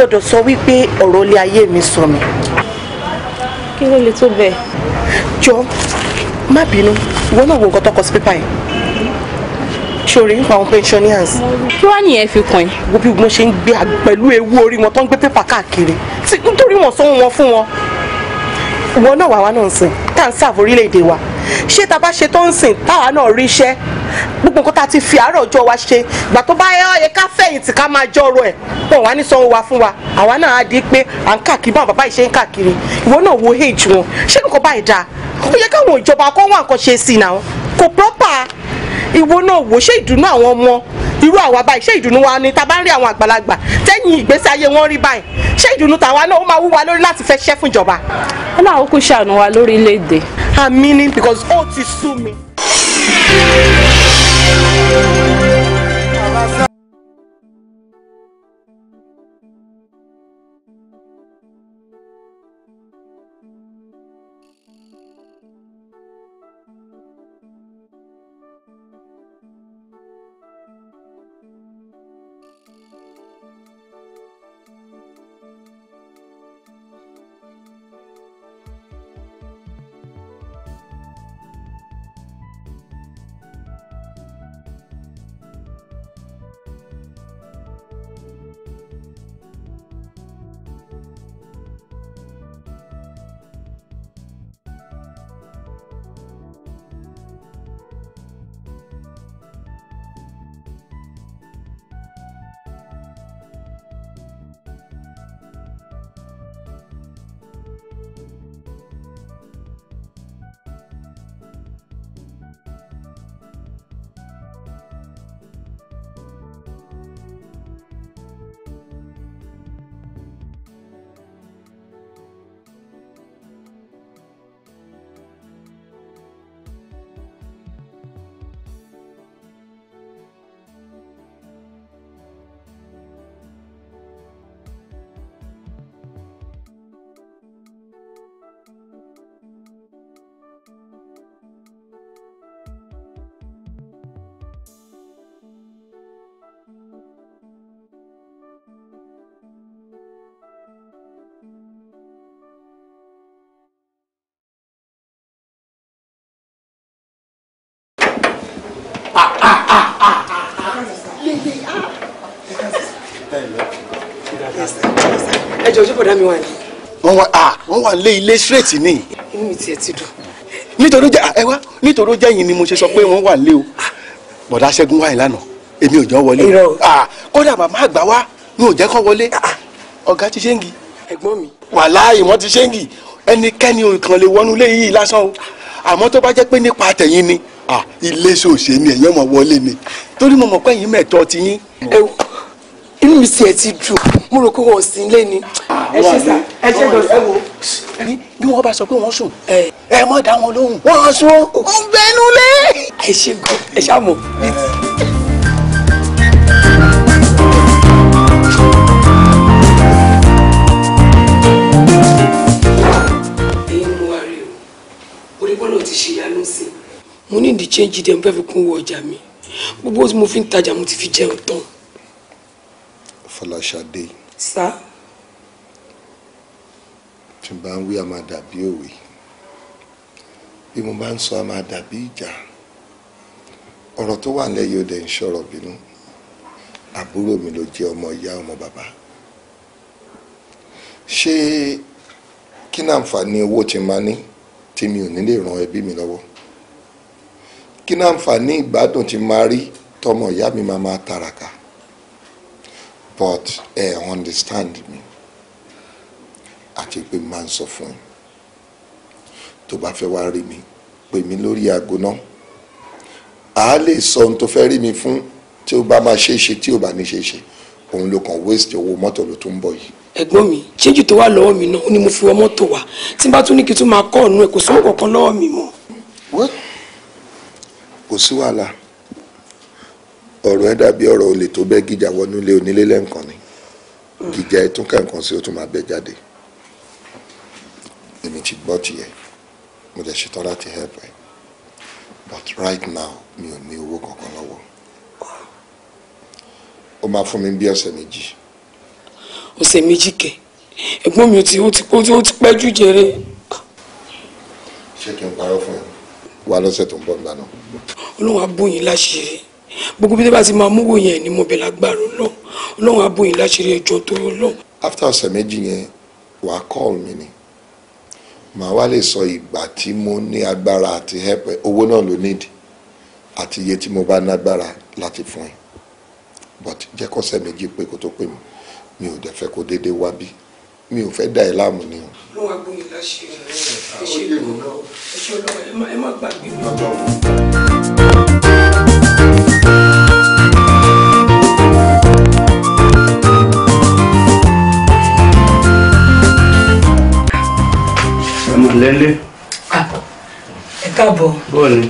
gbọ́dọ̀ sọ wípé ọ̀rọ̀ ilé ayé mi sọ mi. kí ló lè tó bẹ́ẹ̀. jọ má bínú ìwọ náà wo nǹkan tọkọ sí pépà yìí sórí nípa àwọn pensioners. kí wàá nìyẹn fi kàn yín. wo bí mo ṣe ń gbé pẹ̀lú ewu orí wọn tó ń gbé pépà káàkiri nítorí wọn sọ wọn fún wọn wọn náà wàá wá náà ń sìn tá à ń sáàfù orílẹ̀-èdè wa ṣé ta bá ṣe tó ń sìn táwa náà rí iṣẹ́ gbogbo nǹkan tá a ti fi àárọ̀ ọjọ́ wa ṣe ìgbà tó bá yẹ ká fẹ̀yìntì ká máa jọrọ ẹ̀ wọn wá ní sanwó wa fún wa àwa náà á di pé à ń káàkiri báwọn bàbá yìí ṣe ń káàkiri ìwọ náà wo age wọn ṣé nǹkan báyìí dáa ó yẹ káwọn ìjọba kọ́ wà nǹkan ṣe sí i náà kò proper ìwọ náà wo ṣé ìdùnnú àwọn ọmọ irú àwa báyìí ṣé ìdùnnú wa ni ta ń rí àwọn àgbàlagbà tẹ́yìn ìgbésí ayé wọn rí báyìí ṣé ìdùnnú tàwa náà ó máa wúwa lórí láti fẹ́ ṣẹ́ fúnjọba. ọlọ́run kò ṣàánú wa lórílẹ̀‐èdè. àmì ni because ó ti sú mi. ẹ jọ ojú bọ̀dá mi wà ní. wọ́n wà á ah, wọ́n wà lé ilé straight ni. inú mi tiẹ̀ ti dùn. nítorí jẹ́ ah, ẹ wá nítorí jẹ́ yìí ni mo ṣe sọ pé wọ́n wà lé o bọ̀dá ṣẹ́gun wáyé lánàá èmi ò jọ wọlé o ah, kódà màmá àgbà wa mi ò jẹ́ kán wọlé ọ̀gá ti ṣe ń gi. ẹ̀gbọ́n mi. wàláhì wọ́n ti ṣe ń gi ẹnikẹ́ni ò kàn lè wọnú lé yìí lásán o àmọ́ tó bá jẹ́ pé nípa tẹ̀yìn ni ilé ṣòṣe ni ẹ̀yìn ọmọ wọlé ni torí mo mọ̀ pé ẹ̀yìn mẹ́tọ́ ti yín. ẹ wo inú mi sì ẹ ti dùn mo rò pé wọn ò sí ilé ni. ẹ ṣe sá ẹ ṣe lọ sí wo. bí wọn bá sọ pé wọn sùn ẹ mọ dá wọn lóhùn wọn sùn. ó ń bẹnu lé. ẹ ṣe gbọ́ ẹ ṣàmọ change dẹ̀ mo fẹ́ fi kún owó ọjà mi gbogbo tí mo fi ń tajà mo ti fi jẹun tán. Fọláṣadé. sá. tí n bá ń wí a máa dàbí òwe bí mo bá ń sọ a máa dàbí ìjà ọ̀rọ̀ tó wà nílẹ̀ yóò ń ṣọ̀rọ̀ bínú àbúrò mi ló jẹ́ ọmọ ìyá ọmọ bàbá ṣé kí ni owó tí máa ní tí mi ò ní lè ran ẹbí mi lọ́wọ́ kí náà àǹfààní ìgbádùn ti máa rí tọmọ ìyá mi máa máa tàràkà but ẹ eh, understand me. àti pé máa ń sọ fún yín tó bá fẹ́ wá rí mi pè mí lórí aago náà àá lè sọ ohun tó fẹ́ rí mi fún tí ó bá máa ṣe é ṣe tí ò bá ní ṣe é ṣe òun ló kàn waste owó mọ́tò ló tún ń bọ̀ yìí. ẹ̀gbọ́n mi ṣéjì tó wà lọ́wọ́ mi náà ó ní mo fi wọ mọ́tò wá tí n bá tún ní kí n tún máa kọ́ ọ̀nù ẹ̀ kò sówó kankan lọ́wọ́ mi mọ́ kò sí wàhálà ọ̀rọ̀ ẹ dàbí ọ̀rọ̀ olè tó bẹ́ gíjà wọnú ilé onílé lẹ́ǹkan ni gíjà ẹ tún kẹ́ǹkan sí ó tún máa bẹ́ jáde èmi ti gbọ́ tiẹ̀ mo dẹ̀ ṣetán láti help ẹ but right now mi ò ní owó kankan lọ́wọ́ ó máa fún mi bí ọ̀sẹ̀ méjì. ọ̀sẹ̀ méjì kẹ ẹ̀gbọ́n mi ò ti ó ti pẹ́ jù jẹrẹ. ṣé kí n parọ́ fún ẹ wá lọ́sẹ̀ tó ń bọ̀ nígbà náà. ọlọ́run á láṣìírí gbogbo bí tó bá máa múwò yẹn ni mo bẹ̀ lágbára ọlọ́run ọlọ́run á láṣìírí ẹjọ́ tó yọ lọ. after ọ̀sẹ̀ méjì yẹn wà á call mi ni màá wá lè sọ ìgbà tí mo ní agbára àti help owó náà ló need àti iye tí mo bá nágbára láti fún ẹ but jẹ́ kọ́sẹ̀ méjì pé kó tó pè mí mi ò dẹ̀ fẹ́ kó déédéé wá bí mi ò fẹ́ dà ẹ́ láàmú ni o. ló wá gbóni láṣẹ ẹ ṣe lọ ẹ ṣe lọ ẹ má gbàgbé mi. lẹ́lẹ́. ẹ káàbọ̀. bó ni.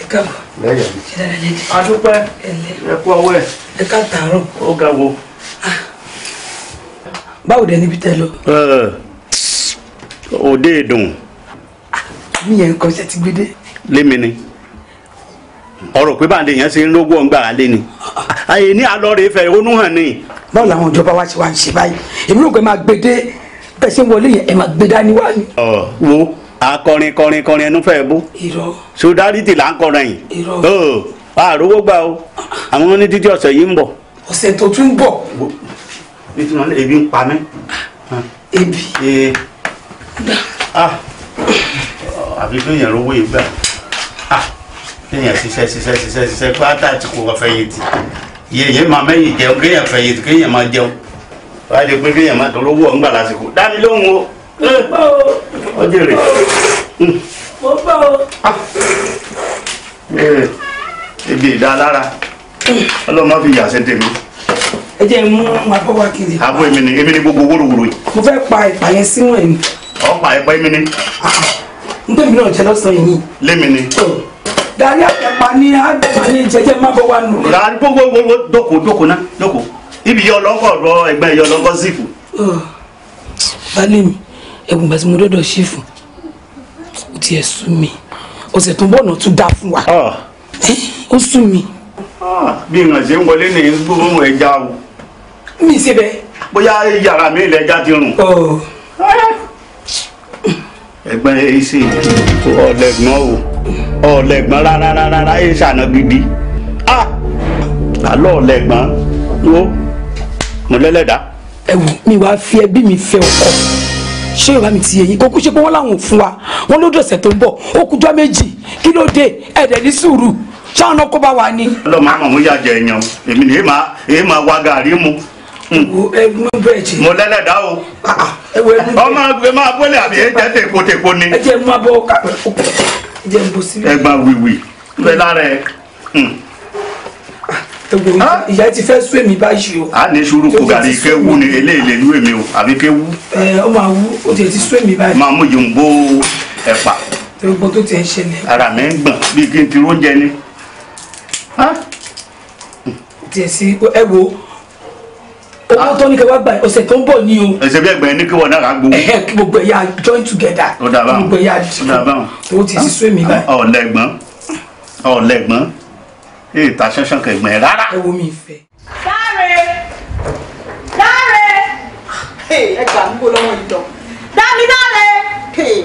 ẹ káàbọ̀. lẹ́yìn. ṣe dára a dúpẹ́. ẹ lẹ́. ẹ kú ọwọ́ ẹ. ẹ ká tàárọ̀. ó ga wo báwo dẹ níbi tẹ lọ. Eh, òde ìdùn. mi yẹn nǹkan ṣe ti gbé dé. lémi ni ọ̀rọ̀ pé báńdé yẹn ṣe ń lógún ọ̀ngbà alẹ́ ni àyè ní alọ́rẹ̀ fẹ̀ ronú hàn ni. báwo làwọn ìjọba wa ṣe wá ń ṣe báyìí èmi rò pé máa gbé dé bẹ́ẹ̀ ṣe ń wọlé yẹn ẹ̀ máa gbé dání wá ni. ọ wo akọrin kọrin kọrin ẹnu fẹ bó. irọ́. solidarity là ń kọrin yìí. irọ́. ọ àròwó gbà o àwọn onídìí ọ̀sẹ̀ yìí ń bọ̀. ọ̀sẹ̀ tó tún ń bọ̀ nítorí wọn ebi ń pa mí. ebi. Ah! àbí kéèyàn rówó ìgbà ah! kéèyàn ṣiṣẹ́ ṣiṣẹ́ ṣiṣẹ́ ṣiṣẹ́ pátá àti kò wọ́n fẹ̀yìntì yéèyàn máa mẹ́yìn jẹun kéèyàn fẹ̀yìntì kéèyàn máa jẹun wọ́n á jẹ pé kéèyàn máa tọ́lọ́ wọ̀ ńgbà lásìkò dámi lóhùn o. ọjọ́ rẹ̀ mo bá o. Hmm. Ah! ebi ìdá lára hmm. ọlọ́mọ fi yà sí tèmi ẹ jẹ́ mú wọn bọ́ wá kiri. àbọ̀ èmi ni èmi ni gbogbo wóróworó yìí. mo fẹ́ pa ẹ̀pà yẹn sínú ẹ̀ ni. ọ̀pá ẹ̀pà èmi ni. Ah, n tẹ́mi náà jẹ lọ́sàn-án yìí. lémi ni. gàrí àtẹ̀pà ni àgbẹ̀pà ni jẹjẹ má bọ́ wá nù. gàrí gbogbo dòkó dòkó ná dòkó ibi yọ lọ́kọ̀ rọ ẹgbẹ́ yọ lọ́kọ̀ sífù. balẹ̀ mi ẹ̀gbọ́n bá ti mo dọ́dọ̀ sífù O ti ẹ̀ sú mi ọ̀sẹ̀ tó bọ̀nà tún dá fún wa O sú mi. bí ìrànṣẹ́ ń wọlé ní gbogbo ẹja o mi ṣe bẹ́ẹ̀. bóyá yàrá mi ilẹ̀ já ti rùn. Oh. ẹ̀gbọ́n ẹ̀ṣẹ̀ ọ̀lẹ́gbọ́n o ọ̀lẹ́gbọ́n rárá rárá ẹ̀ṣẹ̀ àná gidi àlọ́ ọ̀lẹ́gbọ́n wo mọ̀lẹ́lẹ́dá. ẹ wò mi wàá fi ẹbí mi fẹ́ ọkọ ṣé yorùbá mi ti yẹyin kò kú ṣe pé wọn làwọn ò fún wa wọn ló dọ̀sẹ̀ tó ń bọ̀ ó kújọ́ méjì kí ló dé ẹ̀dẹ̀ ní sùúrù ṣáà ọ̀nà kó bá wa ni. ọlọ́mọ àmọ̀ mo yà jẹ èèyàn èmi ni èèmà èèmà wa gàrí mu ẹgbẹ́ bẹ́ẹ̀tì. mo lẹ́lẹ̀ da o. Ah, ah, ọmọ àgbẹ̀ máa bọ́lẹ̀ àbí ẹ jẹ́ tèpo tèpo ni. ẹ jẹ́ máa bọ́ kápẹ́ ẹ jẹ́ bọ́ síbẹ̀. ẹ gba wìwì pẹ́ lára ẹ. Hmm. Ah, ìyá ti fẹ́ sún èmi báyìí o. a ní sùúrù kó gàrí ike wú ni eléyìí lú èmi o àbí ike wú. ẹ ọ máa wú o tẹ̀ ti sún èmi báyìí. máa mú yòǹgbó ẹ̀pà. gbogbo tó ti ń ṣẹlẹ̀. ara mi ń gbọ̀n bíi kí n ti róúnjẹ ni. tiẹ̀ sí ẹ wo owó tó ní kẹ wá gbà ọ̀sẹ̀ tó ń bọ̀ ni o. ẹsẹ bí ẹgbẹ ní kí wọn náà kà gbowó. ẹhẹ gbogbo ẹ̀yà join together. ó dà báwọn gbogbo ẹ̀yà tó ti sísú èmi náà. Ah, ọ̀lẹ́gbọ́n ah, ọ̀lẹ́gbọ́n èyí ta ṣánṣán kẹgbọn ẹ rárá. ẹ wo mi fẹ́. dáre dáre ẹ gbà mí kó lọ́wọ́ ìtọ́ dámi dáre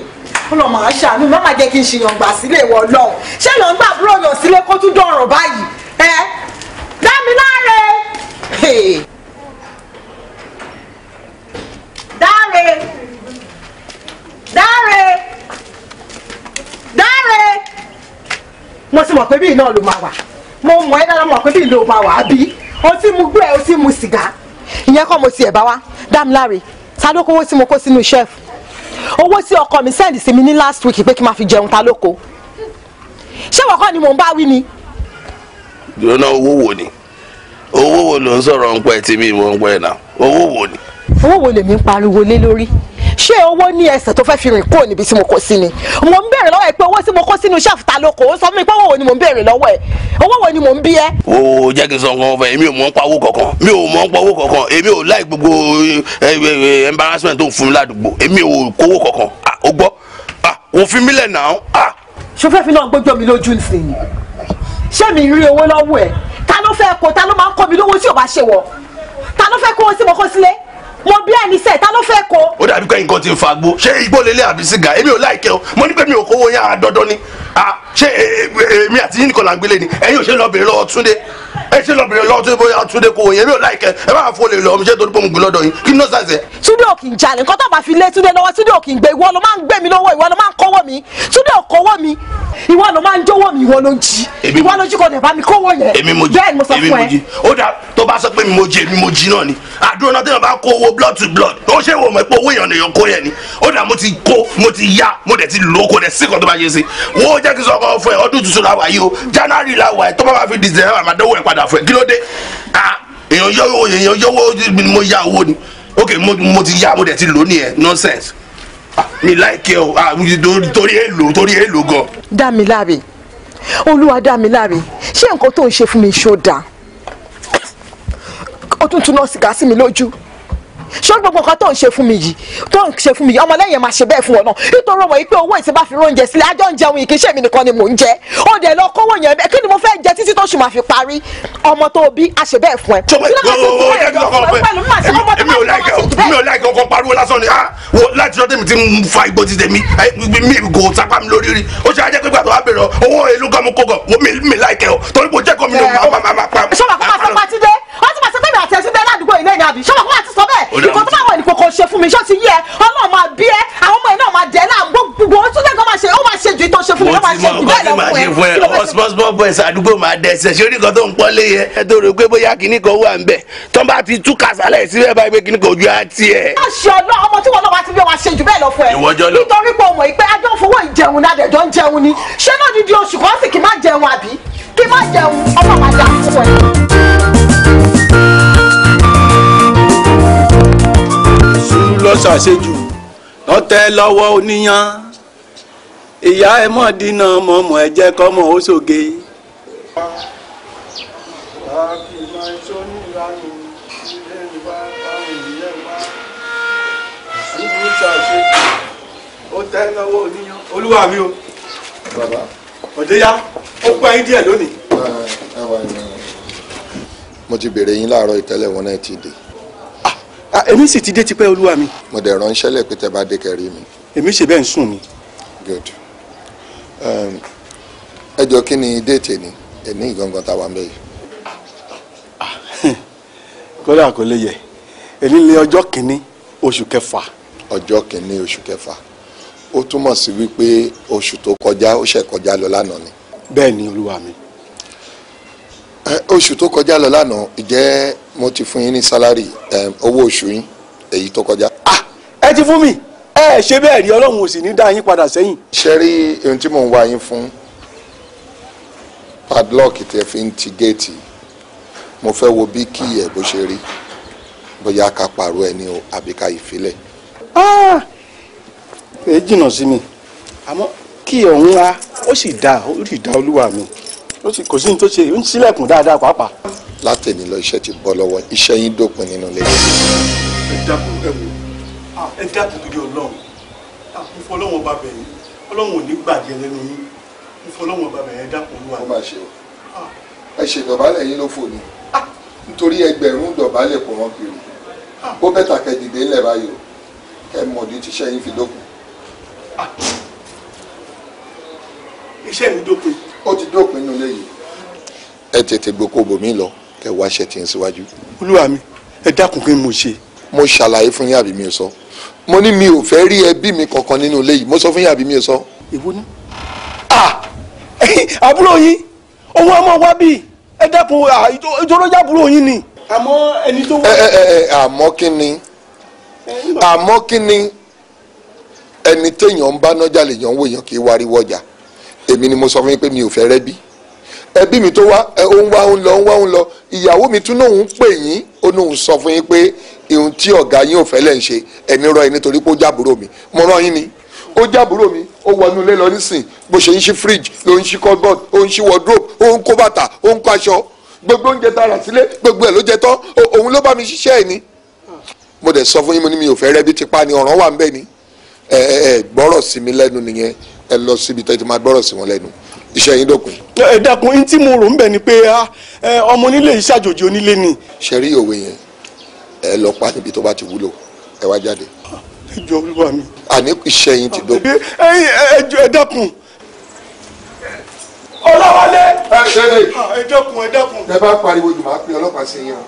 ọlọ́mọ àṣàánú má má jẹ́ kí n ṣèyàn gbà sílé ìwọ ọlọ́run ṣé lọ́n gbà búrò yàn sílé kó tún dọ̀rọ̀ báyìí ẹ dámi láre. Dale! Dale! Dale! Mo ti mọ̀ pé bíi náà ló ma wà. Mo mọ̀ ẹ́ dára mọ̀ pé bíi ló máa wà bí. O si mu gbé o si mu sìgá. Ìyẹn kọ́ mo si ẹ̀ bá wá. Dám láre, ta ló kówó tí mo kó sínú ṣẹ́ẹ̀fù? Owó tí ọkọ mi send si mi ni last week pe kí n fi jeun ta ló kó. Ṣé wọ́n ni mò ba bá wí ni? Ìrònà owó wo ni? Owó wo ló ń sọ̀rọ̀ ń pẹ́ tí mi mò ń pẹ́ náà? Owó wo ni? owó wo lèmi ń pariwo lé lórí ṣé owó ní ẹsẹ̀ tó fẹ́ fi rìn kúrò níbi tí mo kó sí ni mo ń béèrè lọ́wọ́ ẹ pé owó tí mo kó sínú ṣáàfù ta lóko ó sọ fún mi pé owó wo ni mo ń béèrè lọ́wọ́ ẹ owó wo ni mo ń bí ẹ. o jẹ́ kí n sọ nǹkan fún ẹ mi ò mọ̀ ń pa owó kankan mi ò mọ̀ ń pa owó kankan èmi ò láì gbogbo eh, eh, eh, embarrassment tó ń fún mi ládùúgbò èmi ò kówó kankan ó ah, gbọ́ òfin ah, mi lẹ̀ náà. Ah. ṣọfẹ́ fi náà gbójú mi lójú nísìnyí ṣé mi rí owó lọ́wọ́ ẹ̀ ta ló fẹ́ kó ta ló máa ń kọ́ mi lówó tí ò bá ṣe wọ̀ mo bí ẹni sẹ ta ló fẹ́ kó. ó dàbí pé nǹkan ti ń fa gbó ṣé igbó lélẹ̀ àbí sìgá èmi ò láìkẹ́ o mo ní pé mi ò kówó yá dandan ni ah, ṣé eh, eh, eh, èmi àti yín nìkan là ń gbélé ni ẹ̀yin ò ṣe lọ bèrè lọ́wọ́ Túndé ẹ ṣe lọ́bìnrin lọ́wọ́ tó bóyá túnde kò yẹn mi ò láìkẹ́ ẹ bá fọ́ lè lọ ọmọ iṣẹ́ tó dúpọ̀ mùgbìn lọ́dọ̀ yìí kí ni ó ṣàṣẹ. túnde ò kì í jalè nǹkan tó bá fi lé túnde lọ́wọ́ túnde ò kì í gbé ìwọ ló máa ń gbé mi lọ́wọ́ ìwọ ló máa ń kọ́wọ́ mi túnde ò kọ́wọ́ mi ìwọ ló máa ń jówọ́ mi ìwọ ló ń jí ìwọ ló jí kò dẹ̀ bá mi kọ́wọ́ yẹn èmi mo jí èmi mo jí ó dà tó bá sọ pé mi mo jí èmi mo jí náà ni àdúrà náà tẹ́lẹ̀ bá kó owó blood to blood ó ṣe wò mọ̀ pé owó èèyàn lèèyàn kó yẹn ni ó dà mo ti kó mo ti yá mo dẹ̀ ti lò ó kó dẹ̀ sí kan tó bá yẹ sí wọ́n jẹ́ kí sọ́kọ́ fún ẹ ọdún tuntun la yìí o January la ẹ tó bá bá fi December àmàdánwò ẹ padà fún ẹ kí ló dé ah èèyàn yọwọ èèyàn yọwọ mo ya owó ni ok mo mo ti ya mo dẹ̀ ti lò ní ẹ nonsense mi láìkẹ́ o torí èlò torí èlò gan. dá mi láre olúwa dá mi láre ṣé nǹkan tó ń ṣe fún mi ṣó dáa ó tún tún náà sìgá sí mi lójú ṣé gbogbo nǹkan tó ń ṣe fún mi yìí tó ń ṣe fún mi yìí ọmọlẹ́yìn máa ṣe bẹ́ẹ̀ fún ọ náà nítorí ọmọ yìí pé owó ìsinmi àfi oúnjẹ sílẹ̀ àjọ ń jẹun yìí kì í ṣèmi nìkan ni mò ń jẹ ó dẹ̀ lọ kówó yẹn bẹ́ẹ̀ kí ni mo fẹ́ jẹ títí tó ṣù máa fi parí ọmọ tó bí a ṣe bẹ́ẹ̀ fún ẹ. mi ò láì kọ́kọ́ pariwo lásán ni ah, láti ọdún mi ti ń fa igbó ti tèmi eh, mi kò sápá mi lórí rí ó ṣe ajẹ́ pé gbàtọ́ wá bèrè owó èlú gan mo kó gan mi láì kẹ́ o torí kò jẹ́ kó mi lò máa máa máa pa. ṣọlá kó máa sọ pàtí dé wọ́n ti máa sọ pé mi àti ẹ̀sìn dé lá arúgbó ilé ni àbí ṣọlọ́kọ́ àti sọ ìkọ́ tó báwọn ènìyàn kò ṣe fún mi ṣó ti yẹ ọlọ́run máa bí ẹ àwọn ọmọ yẹn náà máa jẹ náà gbogbo ó tún lẹ́kọ̀ọ́ máa ṣe ó máa ṣe ju ìtọ́ ṣe fún mi ó máa ṣe jù bẹ́ẹ̀ lọ́wọ́ ẹ. mo ti mọ boys àdúgbò máa dẹsẹ ṣé oníkan tó ń pọ́n lé yẹ ẹ tó rò pé bóyá kinní kan wà ń bẹ̀ tó bá ti tú kàsálẹ̀ síbẹ̀ báyìí pé kinní kan ojú á tiẹ̀. aṣọ ọlọ ọmọ tí wọn náà àṣejù lọ́tẹ̀ lọ́wọ́ oníyan ìyá ẹ mọ̀ dínà mọ̀mọ́ ẹ jẹ́ kọ́mọ ó ṣòge. olúwa mi o ọ̀dẹ́yà ó pẹ́ yín díẹ̀ lónìí. mo ti béèrè yín láàárọ̀ ìtẹ́lẹ̀ wọn náà ti dé. Ah, èmi sì ti dé tipẹ́ olúwa mi. mo dẹ̀ ránṣẹ́ lẹ̀ pé tẹ́ bá dé kẹrí mi. èmi ṣe bẹ́ẹ̀ ń sùn ni. good um, ẹ jọ kí ni déètì ni èmi ìgangan tá a wà ń bẹ̀ yìí. Ah, kódà kò lè yẹ èmi lé ọjọ́ kìíní oṣù kẹfà. ọjọ́ kìíní oṣù kẹfà ó túmọ̀ sí wípé oṣù tó kọjá ó ṣẹ̀ kọjá lọ lánàá ni. bẹ́ẹ̀ ni olúwa mi. Eh, oṣù tó kọjá lọ lánàá ìjẹ́ mo ti fún yín ní sálárì eh, owó oṣù yín èyí tó kọjá. Ah, ẹ ti fún mi ẹ ṣe bẹ́ẹ̀ rí ọlọ́run ò sì ní dá yín padà sẹ́yìn. ṣe rí ohun tí mò ń wá yín fún padlock tẹ fi ń ti géètì mo fẹ́ wo bí kí ẹ̀ bó ṣe rí bóyá ká pààrọ̀ ẹni o àbí ká ìfilẹ̀. èyí ah, jìnnà sí mi àmọ́ kí ọ̀hún wa ó sì dáa ó sì dáa olúwa mi ó ti kò sí ní tó ṣe ń sílẹ̀kùn dáadáa pàápàá. látẹ̀ni lọ iṣẹ́ ti bọ́ lọ́wọ́ iṣẹ́ yín dópin nínú ilé. ẹ dákun ẹ wò ẹ dákun gidi ọlọ́run mo fọ ọlọ́run ọba bẹ̀yìn ọlọ́run ò ní gbàjẹ́ lẹ́nu yín mo fọ ọlọ́run ọba ẹ dákun olúwa. ó máa ṣe o ẹ ṣe ìdọ̀bálẹ̀ yín ló fò ní nítorí ẹgbẹ̀rún ìdọ̀bálẹ̀ kò wọ́n kiri ó bẹ́tà kẹ́ dìde ńlẹ̀ báyìí o kẹ́ mọ̀ọ́dí tíṣẹ́ iṣẹ́ mi dópin ó ti dópin nínú léyìí. ẹ tètè gboko bòmí lọ kẹ wá ṣe tí ń síwájú. olúwa mi ẹ dákun kí n mo ṣe. mo ṣàlàyé fún yàbí mi sọ mo ní mi ò fẹ́ rí ẹbí mi kankan nínú léyìí mo sọ fún yàbí mi sọ. èwo ni. àbúrò yín owó ọmọ wa bíi ẹ dákun ìjọba àbúrò yín ni. àmọ́ ẹni tó wá. àmọ́ kí ni àmọ́ kí ni ẹni téèyàn ń bá nájà lèèyàn wò yàn kí wariwo ọjà èmi ni mo sọ fún yín pé mi ò fẹ́ rẹ́bí ẹbí mi tó wá ó ń wá ń lọ ń wá ń lọ ìyàwó mi tún náà ń pè yín ó náà ń sọ fún yín pé ihun tí ọ̀gá yín ò fẹ́ lẹ́ ń ṣe ẹ̀mí rọ yín nítorí pé ó jábúrò mi mo rán yín ni ó jábúrò mi ó wọnú ilé lọ nísìn bó ṣe ń ṣí fridge ló ń ṣí cupboard ó ń ṣí wardrobe ó ń kó bàtà ó ń kó aṣọ gbogbo oúnjẹ tá sílé gbogbo ẹ̀ ló jẹ tán òun ló bá mi ṣiṣẹ́ ẹ̀ ni mo dẹ̀ sọ fún yín mo ní mi ò fẹ́ rẹ́bí tipa ni ọ̀ràn wà ń bẹ̀ ni ẹ̀ ẹ̀ gbọ́rọ̀ sí mi lẹ́nu nìyẹn ẹ lọ síbi tẹ́ ti máa gbọ́rọ̀ sí wọn lẹ́nu iṣẹ́ yín dọ̀kun. ẹ dákun ní tí mo rò ń bẹ̀ ni pé ọmọ onílé yìí ṣàjòjì onílé ni. ṣe rí òwe yẹn ẹ lọ pa níbi tó bá ti wúlò ẹ wá jáde. ẹ jọ olúwa mi. àní iṣẹ́ yín ti dọ̀kun. ẹ jọ ẹ dákun. ọlọ́wálé. ẹ ah, dákun ẹ dákun. ẹ bá pariwo jù máa pe ọlọ́pàá sí yẹn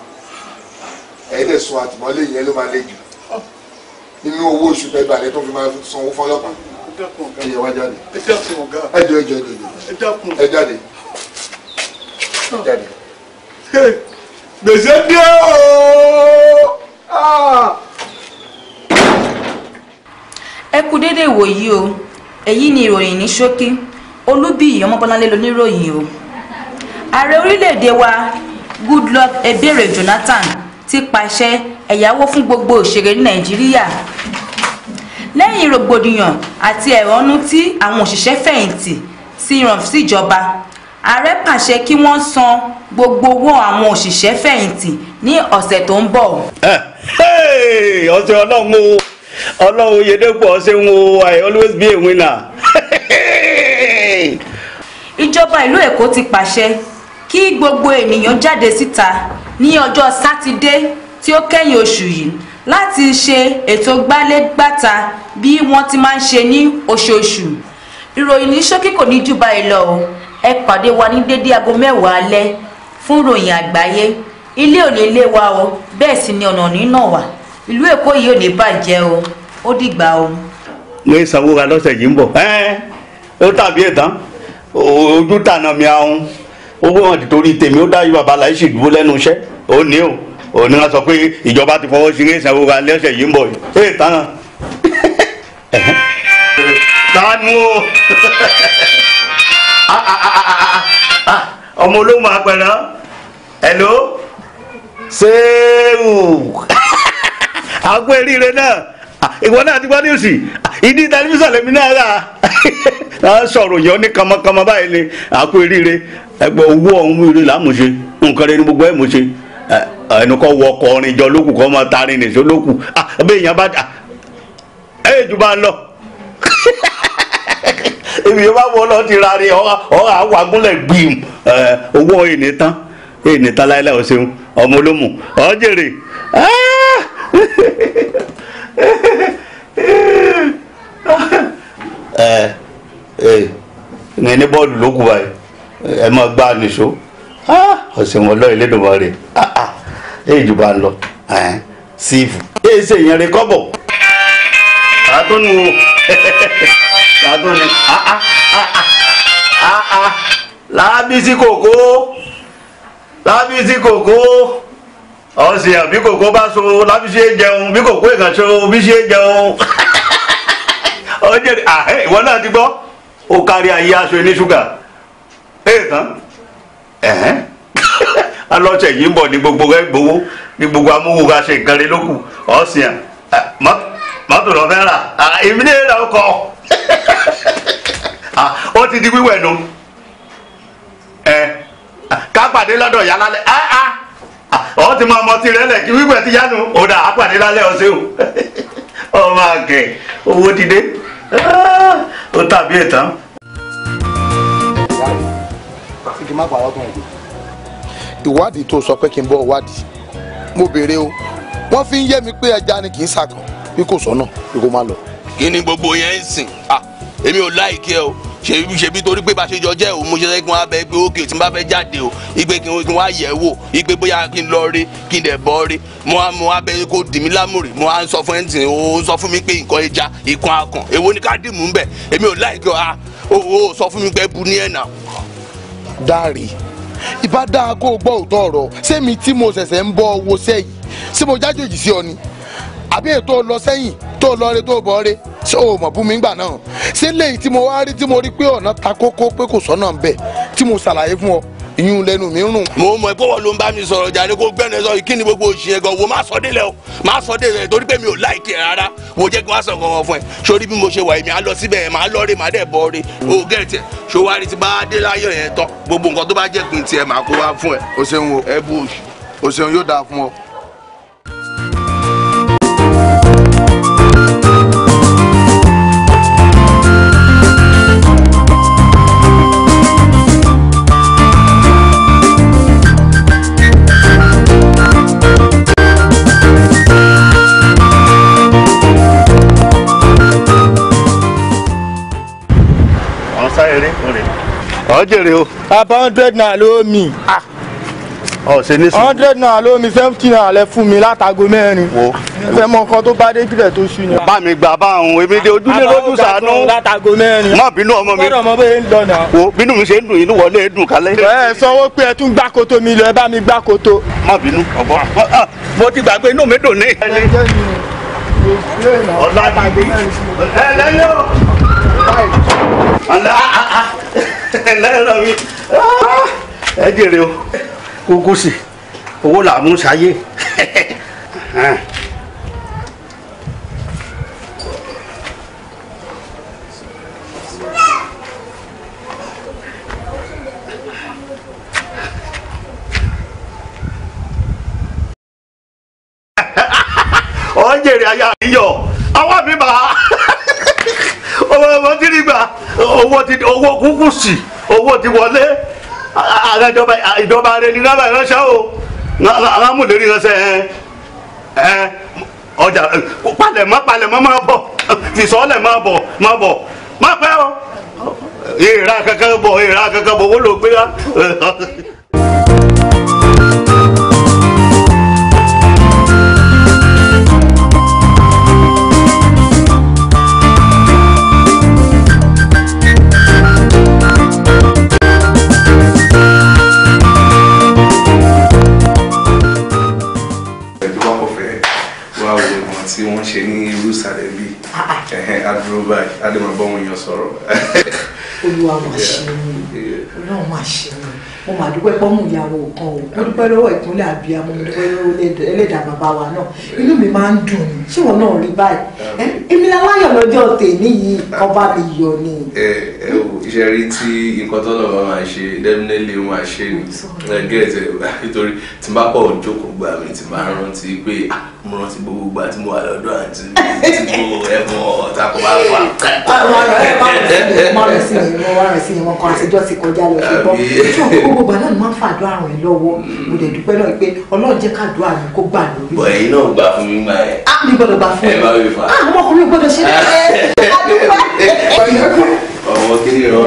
ẹ dẹ̀ sùn àtìmọ́lé yẹn ló máa le jù ah. nínú owó oṣù bẹ́ẹ̀ balẹ̀ tó fi máa sanwó fọlọ́pàá ẹ̀yẹ wá jáde ẹ̀jọ̀ ẹ̀jọ̀ ẹ̀jọ̀ ẹ̀ jáde jáde. gbèsè dé o. Ah! ẹ kú déédéé wòyí o èyí ni ìròyìn ní ṣókí olúbíyì ọmọbọláńlé lóníròyìn o ààrẹ orílẹ̀-èdè wa goodluck ebere jonathan ti pàṣẹ ẹ̀yáwó fún gbogbo òṣèré ní nàìjíríà lẹ́yìn rògbòdìyàn àti ẹ̀hónú tí àwọn òṣìṣẹ́ fẹ̀yìntì ti ràn síjọba ààrẹ pàṣẹ kí wọ́n san gbogbo owó àwọn òṣìṣẹ́ fẹ̀yìntì ní ọ̀sẹ̀ tó ń bọ̀. Eh, ọ̀sẹ̀ ọlọ́run o ọlọ́run oyèdèpọ̀ ọ̀sẹ̀ ń i always be a winner. ìjọba ìlú èkó ti pàṣẹ kí gbogbo ènìyàn jáde síta ní ọjọ́ sátidé tí ó kẹ́yìn oṣù yìí láti ṣe ètò gbálégbáta bí wọ́n ti máa ń ṣe ní oṣooṣù ìròyìn ní ṣókí kò ní jù báyìí lọ o ẹ pàdé wa ní dédé aago mẹ́wàá alẹ́ fún ìròyìn àgbáyé ilé ò ní wa o bẹ́ẹ̀ sì ni ọ̀nà nínà wà ìlú èkó yìí ò ní bàjẹ́ o ó dìgbà o. mo ń sanwó ra lọ́sẹ̀ yìí ń bọ̀ ẹ́ ó tàbí ẹ̀tàn ojú tànà mi àwọn owó wọn ti torí tèmi ó dá yí babaláyé sì dúró lẹ́nu iṣẹ́ ó ní o òní wọn sọ pé ìjọba ti fọwọ́ sí ẹ̀sìn àwọn alẹ́ ọ̀sẹ̀ yìí ń bọ̀ yìí ẹ̀ tán. tánú o ah, ah, ah, ọmọ olóhùn apẹ̀rẹ̀ hello sẹ́ẹ̀wù àgọ́ eríire náà ìwọ náà ti gbọ́ ní òsì ìdí tẹlifíṣàn lèmi náà rà á sọ̀rọ̀ yọ ní kànmọ́kànmọ́ báyìí ni àgọ́ eríire ẹgbẹ́ owó ọ̀hún ire làá mọ̀ nǹkan rẹ ni gbogbo ẹ̀ mọ̀ ẹnu kọ wọ ọkọ orin jọ lókù kọ́ máa tarin nìṣó lókù bẹ́ẹ̀ èèyàn bá bá lọ èmi yóò bá wọ lọ ti ra rí ọ̀rọ̀ àwọn agúnlẹ̀ gbìm owó ìní tán ìní tán láìláì ó ọmọ olómù ẹ ọ̀sẹ̀ wọn lọ Elédùmarè èyí ah, ah. jù bá ń lọ sífù èyí ṣe ìyẹn rẹ kọ́bọ̀ àtúnú àtúnú ah, lábísí kòkó lábísí kòkó ọ̀sìn àbí kòkó bá so lábísí jẹun bí kòkó ìkànṣó bí ṣe jẹun ọjọ́ ìwọ náà ti gbọ́ ó kárí ayé aṣọ ní ṣúgà èèkàn. alọ́sẹ̀ yìí ń bọ̀ ní gbogbo gbowó ní gbogbo amúhù ká ṣe nǹkan lé lókù ọ̀sìn mọ́tò lọ rà èmi ní ọkọ̀ ó ti di wíwẹ̀ nu lọ́dọ̀ lálẹ́ ti máa mọ tirẹ̀ lẹ̀ kí wíwẹ̀ ti nu lálẹ́ ọ̀sẹ̀ o ọmọ àgẹ̀ owó ti dé ó tàbí ẹ̀ tán. kí n má pààrọ̀ ọkùnrin dè. ìwádìí tó sọ pé kí n bọ́ ìwádìí mo béèrè o wọ́n fi ń yé mi pé ẹja ni kì í ṣàkàn bí kò sọ́nà bí kò má lọ. kí ni gbogbo yẹn ń sìn èmi ò láìkẹ́ o ṣèbí ṣèbí torí pé bá ṣe jọ jẹ́ òun mo ṣe sẹ́kí wọn abẹ́ pé ókè tí n bá fẹ́ jáde o ìgbé kí n wá yẹ̀ wò ìgbé bóyá kí n lọ rí kí n dẹ̀ bọ́ rí mo á mo á bẹ kó dì mí lámùrì mo á sọ fún ẹ̀ǹtì o sọ fún mi pé nǹkan ẹja ìkan akàn èwo ni ká dìmú bẹ̀ èmi ò láìkẹ́ o o sọ fún mi pé bu ní ẹ̀nà dáre ìbá dáa kó o gbọ́ òótọ́ ọ̀rọ̀ sẹ́mi tí mo ṣẹ̀ṣẹ̀ ń bọ́ wo sẹ́yìn sí mo jájòjì sí ọ ni àbí ètò lọ sẹ́yìn tó lọ re tó bọ̀ re ṣé o mọ̀ bú mi gbà náà ṣé léyìí tí mo wá rí tí mo rí pé ọ̀nà ta kókó pé kò sọ́nà ń bẹ̀ tí mo ṣàlàyé fún ọ iyún lẹ́nu mi rùn. mo mọ̀ ẹ́ pọ́wọ́ ló ń bá mi sọ̀rọ̀ jà ni kó gbẹ́nu sọ kí ni gbogbo òṣìyẹn gan wo má sọ délẹ̀ o má sọ délẹ̀ torí pé mi ò láìkì rárá wo jẹ́ kí wọ́n sọ kankan fún ẹ sórí bí mo ṣe wà èmi á lọ síbẹ̀ má lọ rè má dẹ̀ bọ́ rè o gẹ̀ẹ́tì ṣòwárí ti bá dé láyọ̀ yẹn tán gbogbo nǹkan tó bá jẹ́ pin tiẹ̀ má kó wá fún ẹ. o ṣeun o ẹ bú o ṣeun yóò dáa fún ọ. ọ jèrè o. àbá hundred naira ló mi. Ah. ọ̀sẹ̀ ní sùn. hundred naira ló mi seventy naira lẹ fún mi látago mẹ́rin. wo fẹ́ mọ nǹkan tó bá dé kílẹ̀ tó ṣu ni. bá mi gbà bá àwọn èmi dé ojúlé lójú sànú. látago mẹ́rin. má bínú ọmọ mi. kọ́dọ̀ ọmọ bẹ́ẹ̀ ń lọ náà. wo bínú mi ṣe ń dùn inú wọlé dùn kálẹ̀. ẹ sanwó pé ẹ tún gbá koto mi lọ ẹ bá mi gbá koto. má bínú ọ̀bọ ah, ah. mo ti gbàgbé inú mi dùn ní. lẹ́rọ mi ẹ jèrè o kó kó sì owó làwọn ń ṣayé. ọ jèrè aya yíyọ àwa mi bá a. ọmọ tí owó ti owó kúkú sí owó ti wọlé ààrẹ ìjọba ìjọba rẹ ní náírà ìránṣẹ́ o rámúlérí ránṣẹ́ ẹ ọjà palẹ̀mọ́ palẹ̀mọ́ máa bọ̀ fìsọ́lẹ̀ máa bọ̀ máa bọ̀ Ma pẹ́ o ìrà kankan bọ̀ ìrà kankan bọ̀ wọ́n lò gbéra. báyìí á lè máa bá wọn èèyàn sọ̀rọ̀. olúwa máa ṣe é ọlọ́run máa ṣe é mo mà dúpẹ́ pọ́nmù ìyàwó kan o mo dúpẹ́ lọ́wọ́ ìkúnlẹ̀ àbíyá mo dúpẹ́ lọ́wọ́ ẹlẹ́dàá bàbá wa náà inú mi máa ń dùn ní ṣé wọn náà rí báyìí èmi láláyọ̀ lọ́jọ́ tèmi yìí ọba mi yọ ni. ẹ ẹ o iṣẹ́ rí tí nǹkan tó lọ́ọ́ máa máa ṣe definitely máa ṣe ni gẹ́ẹ̀tì nítorí tí n bá pọ̀ jókòó gbà mí tí máa rántí pé mo rántí gbogbo gbà tí mo wà lọ́dọ̀ àǹtí mi tí mo ẹ̀mọ́ ọ̀tá kò bá wà. ọ̀rọ̀ ẹ̀ bá wọ̀ sí mi wọ́n wá rẹ̀ sí gbogbo gbà náà ni máa ń fàdó àrùn ẹ lọ́wọ́ mm. mo dẹ̀ dúpẹ́ náà pé Ọlọ́run jẹ́ ká dùn àrùn kó gbà lórí. bọ̀ ẹ̀yin náà gbà fún mi gbà ẹ̀. a ah, mi gbọ́dọ̀ gbà fún mi. ẹ bá mi fà. àwọn ọmọkùnrin gbọ́dọ̀ ṣe é. ọmọ kiri rọ.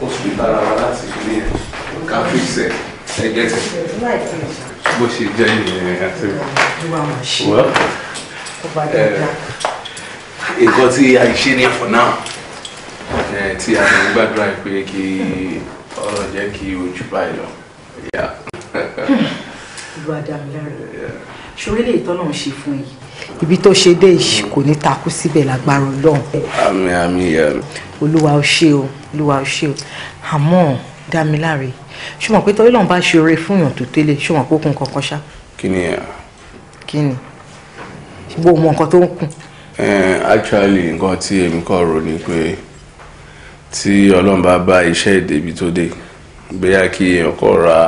Hospital, I'm not sure. Can't fix it. I get bó ṣe jẹ́ ìyẹn àti well eh, nǹkan tí a ṣe ní for now eh, tí a lè gbàdúrà pé kí ọ̀rọ̀ jẹ́ kí ojú báyìí lọ. ìlú adámilára ṣorí lè tọ́ náà ṣe fún yìí ibi tó ṣe dé yìí kò ní takú síbẹ̀ lágbára ọlọ́run. àmín àmín ìyá mi. olúwa ó ṣe o olúwa ó ṣe o àmọ́ dámiláre ṣùgbọ́n pé tọ́lọ́ bá ṣe oore fún èèyàn tó tẹ́lẹ̀ ṣùgbọ́n pé ó kún kankan ṣá. kí ni ẹ. kí ni bó mọ nǹkan tó ń kún. actually nǹkan tí èmi kàn rò ni pé tí ọlọ́run bá bá iṣẹ́ ìdèbí tó dé bóyá kí èèyàn kọ́ ra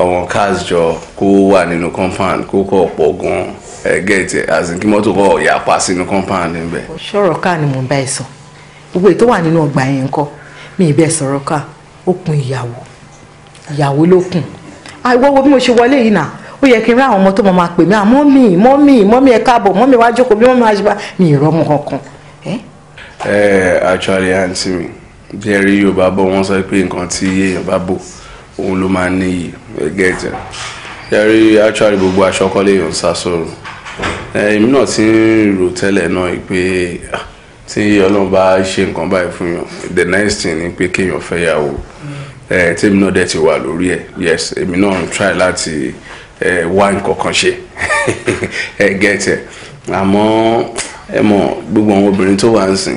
àwọn cars jọ kó wà nínú compound kó kọ̀ pọ̀ gan ẹ gẹ̀ẹ́tì àti kí mọ́tò kọ̀ yàpá sínú compound níbẹ̀. sọ̀rọ̀ káà ni mò ń bá ẹ sọ gbogbo èyí wà nínú ọgbà yẹn ń kọ́ mi ì bẹ́ẹ̀ sọ̀rọ̀ káà ó kun ìyàwó ìyàwó ló kùn àìwọ́wọ́ bí mo ṣe wọlé yìí nà ó yẹ kí n rí àwọn ọmọ tó mọ máa pè mí àmọ́ mi mọ́mì mọ́mì ẹ káàbọ̀ mọ́mì wá jókòó bí mọ́mì wá ṣe bá mi ìrọ́mọ kankan. ẹ actually àǹtí mi bí ẹ rí yorùbá bọ̀ wọ́n sọ pé nǹkan tí èèyàn bá bò òun ló máa ní iyì gẹ́gẹ́ ẹ rí actually gbogbo aṣọ kọ́lé yòó ń sá sọ̀rọ̀ èmi náà ti ń rò tẹ́lẹ̀ náà pé ah, tí ọlọ́run bá ṣe nǹkan báyìí fún yàn the next thing ni pé kéèyàn fẹ́ yàwó Eh, tèmi náà dẹ̀ ti wà lórí ẹ̀ yes èmi náà ń try láti eh, wá nǹkan kan ṣe ẹ eh, get ẹ àmọ́ ẹ mọ̀ gbogbo àwọn obìnrin tó wà ń sìn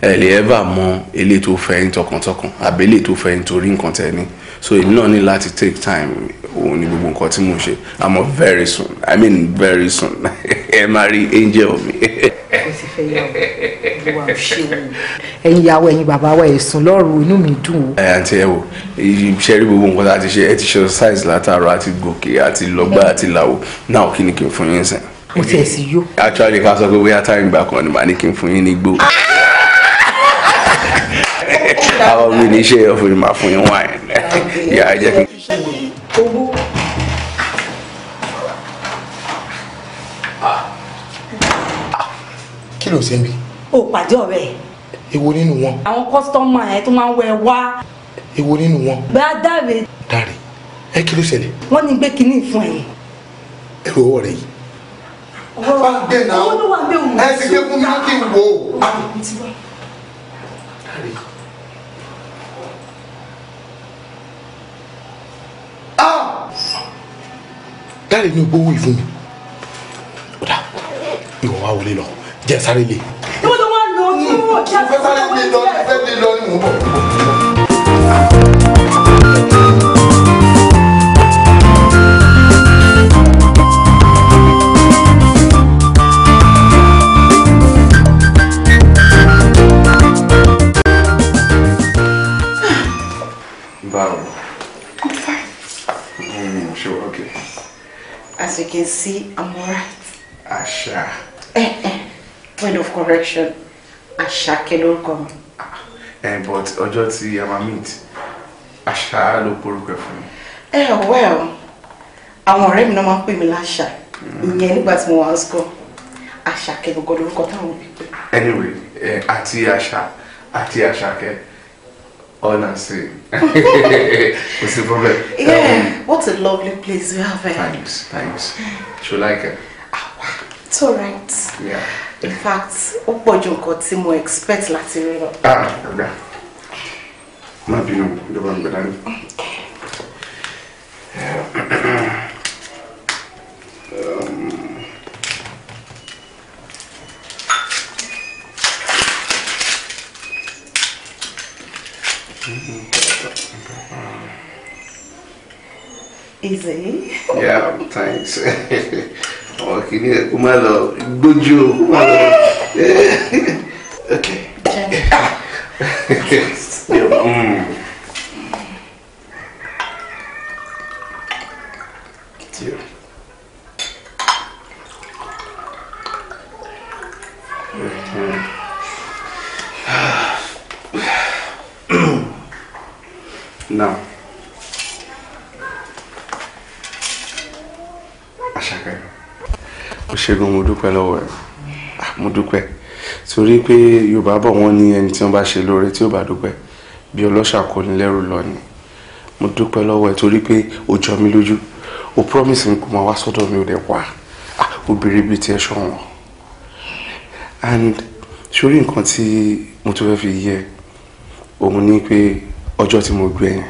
ẹ lè ẹ bá mọ eléyìí tó fẹ́ yín tọkàntọkàn àbí eléyìí tó fẹ́ yín torí nǹkan tẹ ní so èmi náà ní láti take time òun ni gbogbo nǹkan tí mo ṣe àmọ́ very soon i mean very soon ẹ máa rí angel mi. ti fẹ́ yà wò wà ṣé wò ẹ̀yin ìyàwó ẹ̀yin bàbá wa ẹ̀sùn lọ́rùn inú mi dùn. ẹ àǹtí ẹ wò ṣe rí gbogbo nǹkan tá ṣe ẹ ti ṣe size látàárọ̀ àti gòkè àti lọ́gbà àti làwò náà kí ni kí n fún yín sẹ́n. mo tiẹ̀ sí yó. actually ká sọ pé bóyá táyìn gbà kan ni màá ní kí n fún yín ní gbó. àwọn mi ní iṣẹ́ ọ̀fun ni màá yín wáìn. ìyá ẹ jẹ́ kí n. owó kí ló ṣe ń bi. o pàdé ọ̀rẹ́ ẹ̀. èwo nínú wọn. àwọn kọ́sítọ́mù ẹ̀ tó máa ń wẹ̀ wá. èwo nínú wọn. bá dáre. dáre ẹ kí ló ṣẹlẹ̀. wọ́n ní gbé kinní fún ẹ̀yìn. ẹrù ọwọ́ rẹ yìí. ọwọ́ gbẹ náà owó ló wà bẹ́ẹ̀ òun. ẹ ti gbé fún mi kí n wò ó. dáre ah! ni o gbówó ìfún mi. ìwọ wa wọlé lọ jẹ́ sáré lé. ìwọ tó wá lọ ní wọn kí a fẹ́ sáré lé lọ ní fẹ́ lé lọ ní mò ń bọ̀. Báwo. I'm fine. Mm, sure, okay. As you can see, I'm alright. Asha. Eh, eh point of correction àṣàkẹ́ lórúkọ mi. ẹ eh, but ọjọ́ tí a máa meet àṣà ló porúkọ fún mi. ẹ eh, well àwọn ọ̀rẹ́ mi náà máa ń pè mí láṣà mm. ìyẹn nígbà tí mo wà ń sọ àṣàkẹ́ gbogbo lórúkọ táwọn òbí pè. anyway eh, àti àṣà àti àṣàkẹ́ honestly what's the problem. yeah um, what a lovely place we have here. thanks thanks she like it. It's alright. Yeah. In fact, ó pọ̀ ju nǹkan tí mo expect láti rí lọ. Ah, ọ̀gá. Má bínú, ìjọba ń gbẹ̀dá ní. Easy. Yeah, thanks. Oh, ẹ aku malu, lọ malu. Okay. kó má lọ ok. ṣé gan mo dúpẹ́ lọ́wọ́ ẹ̀ ah, mo dúpẹ́ torí pé yorùbá bọ̀ wọ́n ní ẹni tí wọ́n bá ṣe lóore tí ó bá dúpẹ́ bí ọlọ́ṣà kò ní lẹ́rù lọ ni mo dúpẹ́ lọ́wọ́ ẹ̀ torí pé ó jọ mi lójú ó promise mi kó máa wá sọ́dọ̀ mi ò dẹ̀ wá obìnrin ah, bíi tiẹ̀ ṣọ̀wọ́n and sórí nǹkan tí mo tún fẹ́ fi yẹ òun ni pé ọjọ́ tí mo gbẹ yẹn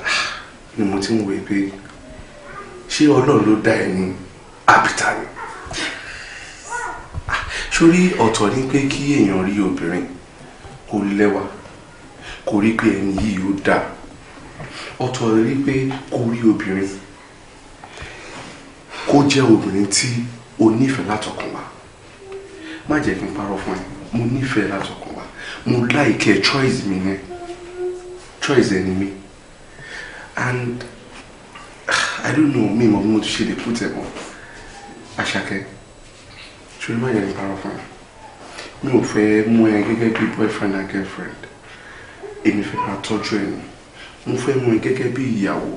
ah, ni mo ti ń wé pé ṣé ọlọ́run ló dá ẹ ní àbítà ni sórí ọ̀tọ̀ ni pé kí èèyàn rí obìnrin kó lẹ́wà kó rí pé ẹni yìí ó dáa ọ̀tọ̀ rí pé kó rí obìnrin kó jẹ́ obìnrin tí o nífẹ̀ẹ́ látọkànwá má jẹ́ kí n parọ́ fún ẹ mo nífẹ̀ẹ́ látọkànwá mo láìkẹ́ choice mi ni choice ẹni mi and ah, i don't know mi mọ̀ mo ti ṣe lè put ẹ̀ mọ́ àṣàkẹ́ ṣùgbọ́n má yẹn parọ́ fún mi mi ò fẹ́ mú ẹ gẹ́gẹ́ bí boyfriend and girlfriend èmi fẹ́ máa tọ́jú ẹ nù mo fẹ́ mú ẹ gẹ́gẹ́ bí ìyàwó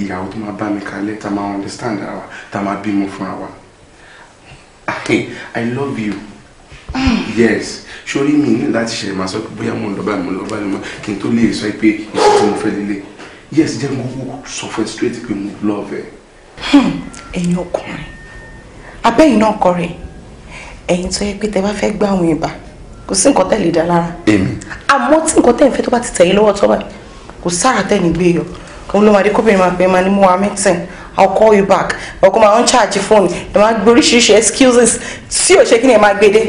ìyàwó tó máa bá mi kalẹ̀ tá máa understand ara tá máa bímọ fúnra wa I love you yes sori mi ní láti ṣe máa sọ pé bóyá mo ń lọ báyìí mo ń lọ báyìí mo kí n tó lè sọ pé ìṣe tí mo fẹ́ lélẹ̀ yes jẹ́ mo wò sọ fún ẹ straight pé mo love ẹ. Hmm, ẹ̀yin ọkùnrin abẹ́yìn náà kọ rẹ̀ ẹ̀yin tó yẹ pé tẹ bá fẹ́ gbá àwọn ibà kò sí nǹkan tẹ̀ lè dá lára àmọ́ tí nǹkan tẹ̀ ń fẹ́ tó bá ti tẹ̀yìn lọ́wọ́ tó kò sára tẹ̀ gbé e yọ òun ló máa dé kóbìnrin máa pẹ́ máa ní mohammed ten i'll call you back ọkọ máa ń ṣáàjì fóònù ẹ máa gbé oríṣiríṣi excuses tí ò ṣe kí ni ẹ máa gbé dé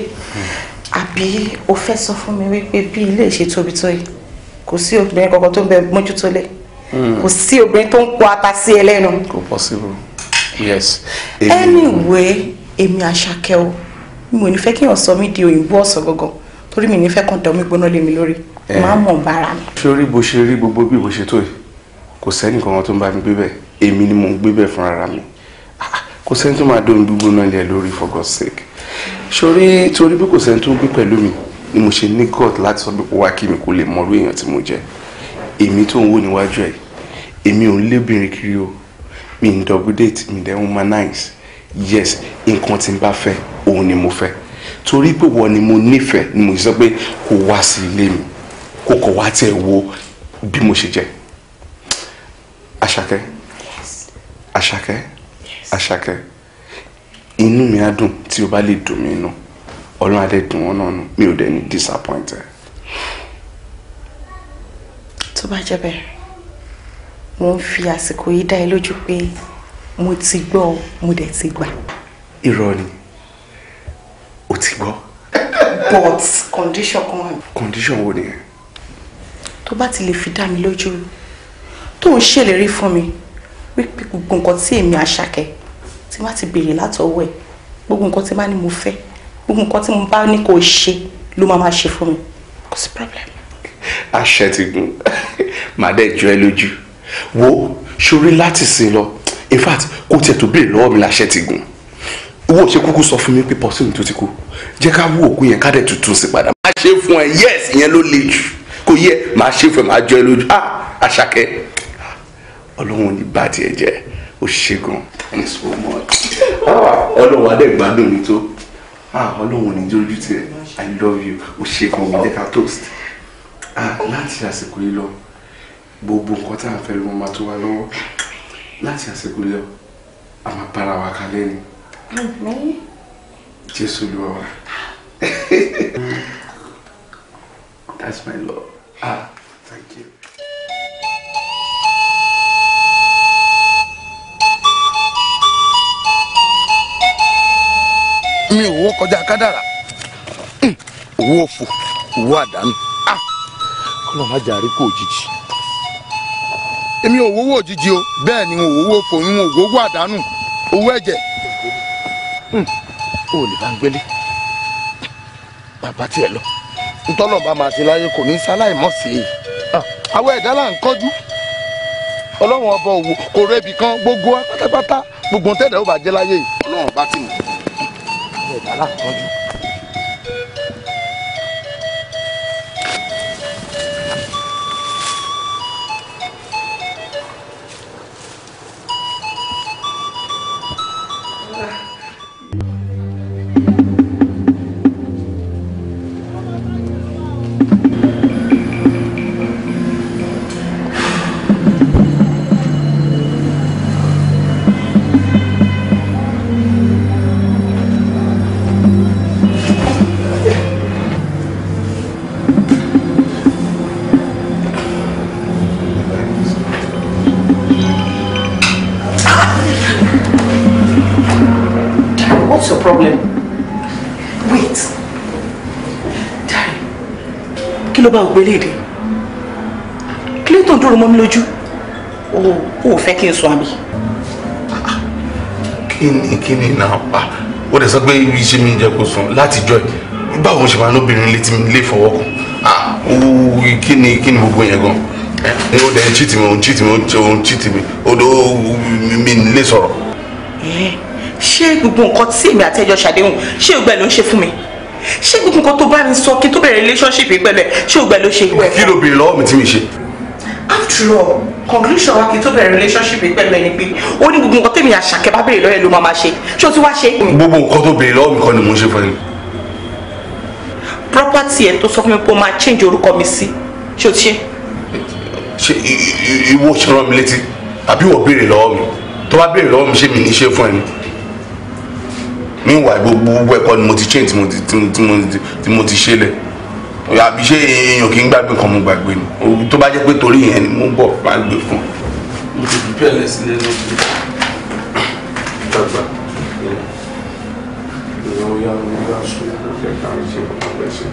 àbí o fẹ́ sọ fún mi wípé bí ilé ìṣe tóbi tó yìí kò sí obìnrin kankan tó ń bẹ mójútó lé hmm. kò sí obìnrin tó ń pọ ata sí ẹ lẹ́nu. kò possible yes. anyway èmi àṣàkẹ́ o mi ò ní fẹ́ kí èèyàn sọ mí di òyìnbó ọ̀sán gangan torí mi ní fẹ́ kàn dán mi gbóná lé mi lórí eh. máa ń mọ̀ bára mi. sórí bó ṣe rí gbogbo bí bó ṣe tó yìí kò sẹ́ni kankan tó ń bá mi gbé bẹ́ẹ̀ èmi ni mò ń gbé bẹ́ẹ̀ fúnra mi ah, ah, kò sẹ́ni tó máa dóhun gbígbóná lé lórí for God's sake sórí torí bí kò sẹ́ni tó gbé pẹ̀lú mi ni mo ṣe ní God láti sọ pé kó wá kí mi kó lè mọrú èèyàn tí mo jẹ́ èmi tó ń wò níwájú ẹ̀ èmi ò ń lébìnrin kiri o mi ń double date mi dẹ́ humanize yes nǹkan tí n bá fẹ́ òun ni mo fẹ́ torí pé wọ́n ni mo nífẹ̀ẹ́ ni mo sọ pé kò wá sí ilé mi kò kọ̀ wá tẹ̀ wo bí mo ṣe jẹ́ àṣàkẹ́ àṣàkẹ́ àṣàkẹ́ inú mi á dùn tí o bá lè dùn mí nù ọlọ́run adé dùn wọ́n náà nù mi ò dẹ̀ ní disappoint ẹ̀. tó bá jẹ́ bẹ́ẹ̀ mo ń fi àsìkò yìí dá ẹ lójú pé mo ti gbọ́ mo dẹ̀ ti gbà. irọ́ ni o ti gbọ́. but condition kan wà. condition wo nìyẹn. tó bá ti lè fi dá mi lójú tó ń ṣèlérí fún mi wípé gbogbo nǹkan tí èmi àṣàkẹ́ tí má ti béèrè látọwọ́ ẹ̀ gbogbo nǹkan tí má ní mo fẹ́ gbogbo nǹkan tí mo bá ní kò ṣe ló máa máa ṣe fún mi kò sí problem. àṣẹ ti gùn màá dẹ̀ jọ ẹ lójú wo ṣorí láti sìn lọ in fact kò tiẹ̀ tó béèrè lọ́wọ́ mi láṣẹ ti gùn owó ṣe kúkú sọ fún mi pé pọ́sìn tó ti kú jẹ́ ká wú òkú yẹn ká dẹ̀ tuntun sí padà máa ṣe fún ẹ yes ìyẹn ló le jù kò yẹ máa ṣe fún ẹ máa jọ ẹ lójú ah àṣàkẹ́ ọlọ́run ní bá tiẹ̀ jẹ́ ó ṣe gan ẹni so much ah, ọlọ́run adẹ́gbàdùn mi tó ah, ọlọ́run ní jójú tiẹ̀ i love you ó ṣe gan mi jẹ́ ká toast ah, láti àsìkò yìí lọ gbogbo nǹkan tá à ń fẹ́ ló máa tó wa lọ́wọ́ láti àsìkò lọ a máa bára wa kalẹ̀ ni jésù ló wà. That's my love. Ah, thank you. mi ò wó kọjá kádàrà hmm, owó òfò owó àdánù ah, kọlọ má jà àríkò òjijì èmi ò wówó òjijì o bẹ́ẹ̀ ni ò wówó fò ń wówó àdánù owó ẹ̀jẹ̀. Hmm. o lè bá ń gbélé bàbá tiẹ̀ lọ ntọ́nà bá máa ṣe láyé kò ní sáláì mọ̀ sí i ah, àwọn ẹ̀dá là ń kọ́jú ọlọ́run ọba òwò kò rẹ́bi kan gbogbo pátápátá gbogbo tẹ̀dá ó bàjẹ́ láyé yìí ọlọ́run bá ti mọ̀ ẹ̀dá là ń kọ́jú. ló bá ògbélé dé clayton dúró mọ́ mi lójú o ò fẹ́ kí n sọ àmì. kí ni kí ni náà pa ó dẹ̀ sọ pé iṣẹ́ mi jẹ́ kó sùn látijọ́ ẹ̀ báwo ṣe máa lóbìnrin létí mi lè fọwọ́ kàn kí ni kí ni gbogbo yẹn gan n ó dẹ̀ ń chìtì mi òun chìtì mi òun chìtì mi odò mi lè sọ̀rọ̀. ṣé gbogbo nǹkan tí èmi àtẹ́jọ́ ṣàdéhùn ṣé gbogbo ẹ̀ ló ń ṣe fún mi ṣé gbogbo nǹkan tó bá mi sọ kí n tó bẹ̀rẹ̀ relationship yìí pẹ̀lẹ́ ṣé ògbà ló ṣe ìwé ẹ̀fọ́. kí ló béèrè lọ́wọ́ mi tí mi ṣe. after all conclusion wa kí n tó bẹ̀rẹ̀ relationship yìí pẹ̀lẹ́ ni pé ó ní gbogbo nǹkan tèmi àṣàkẹ́ bá béèrè lọ́yẹ̀ ló máa ṣe ṣé o ti wá ṣe. gbogbo nǹkan tó béèrè lọ́wọ́ mi kọ́ ni mò ṣe fún ẹ. property ẹ̀ tó sọ fún mi pé ó máa change orúkọ mi sí ṣé o ti ṣe. ṣe ìwọ ṣe rán mi létí àbí wọ́n béèrè lọ́wọ́ mi tó bá béèrè lọ́wọ́ mi ṣé mi ní ṣe fún ẹ ni meanwhile gbogbo ẹ̀kọ́ ni mo ti change tí mo ti ṣe lẹ̀ àbí ṣé èèyàn kì í gbàgbé kan mo gbàgbé ni tó bá jẹ́ pé torí yẹn ni mo bọ̀ máa gbé fún. mo ti bí pẹ́ẹ́lẹ̀ sílẹ̀ lọ́dún gbàgbà ìyàwó ya ló yá sọ ó fẹ́ ká ń ṣe ọ̀pọ̀ ẹ̀ṣẹ̀.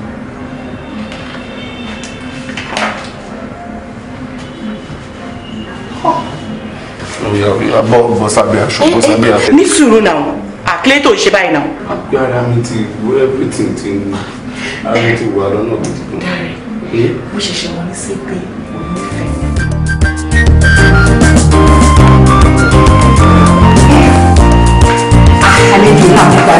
bọ́ bọ́ sábẹ́ aṣọ bọ́ eh, eh, sábẹ́ aṣọ. ní sùúrù náà kílé tó ń ṣe báyìí náà. àpé mi ti wo everything ti ń ara mi ti wà lọ́nà gidi gan. dáre mo ṣẹ̀ṣẹ̀ wọ́n ní sí pé mo nífẹ̀ẹ́. àlejò náà ti gbà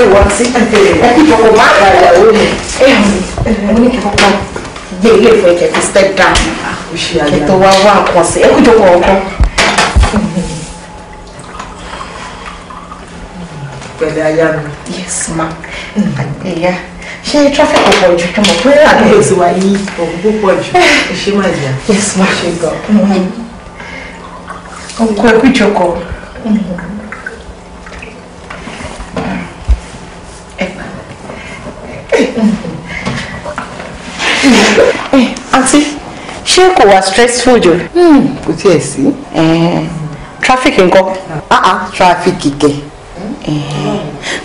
ẹ wọ sí ẹ kí kọkọ má bà ìyàwó mi ẹ mo ní kí gbé ilé ìfọ ìkẹkẹ step down ah, kí wá wá nǹkan ẹ kú jókòó ọkọ. pẹ̀lẹ́ aya mi. yes ma àgbéyà ṣé traffic kò pọ̀ jù kí mo pé àdúgbò ti wá yí. òun kò pọ̀ jù ṣé má jà. yes ma ṣe gan. ọkọ ẹkú ìjókòó. àǹtí ṣé kò wá stressful jù. Hmm, kò tiẹ̀ sí. traffic ńkọ́. ah ah traffic kẹ̀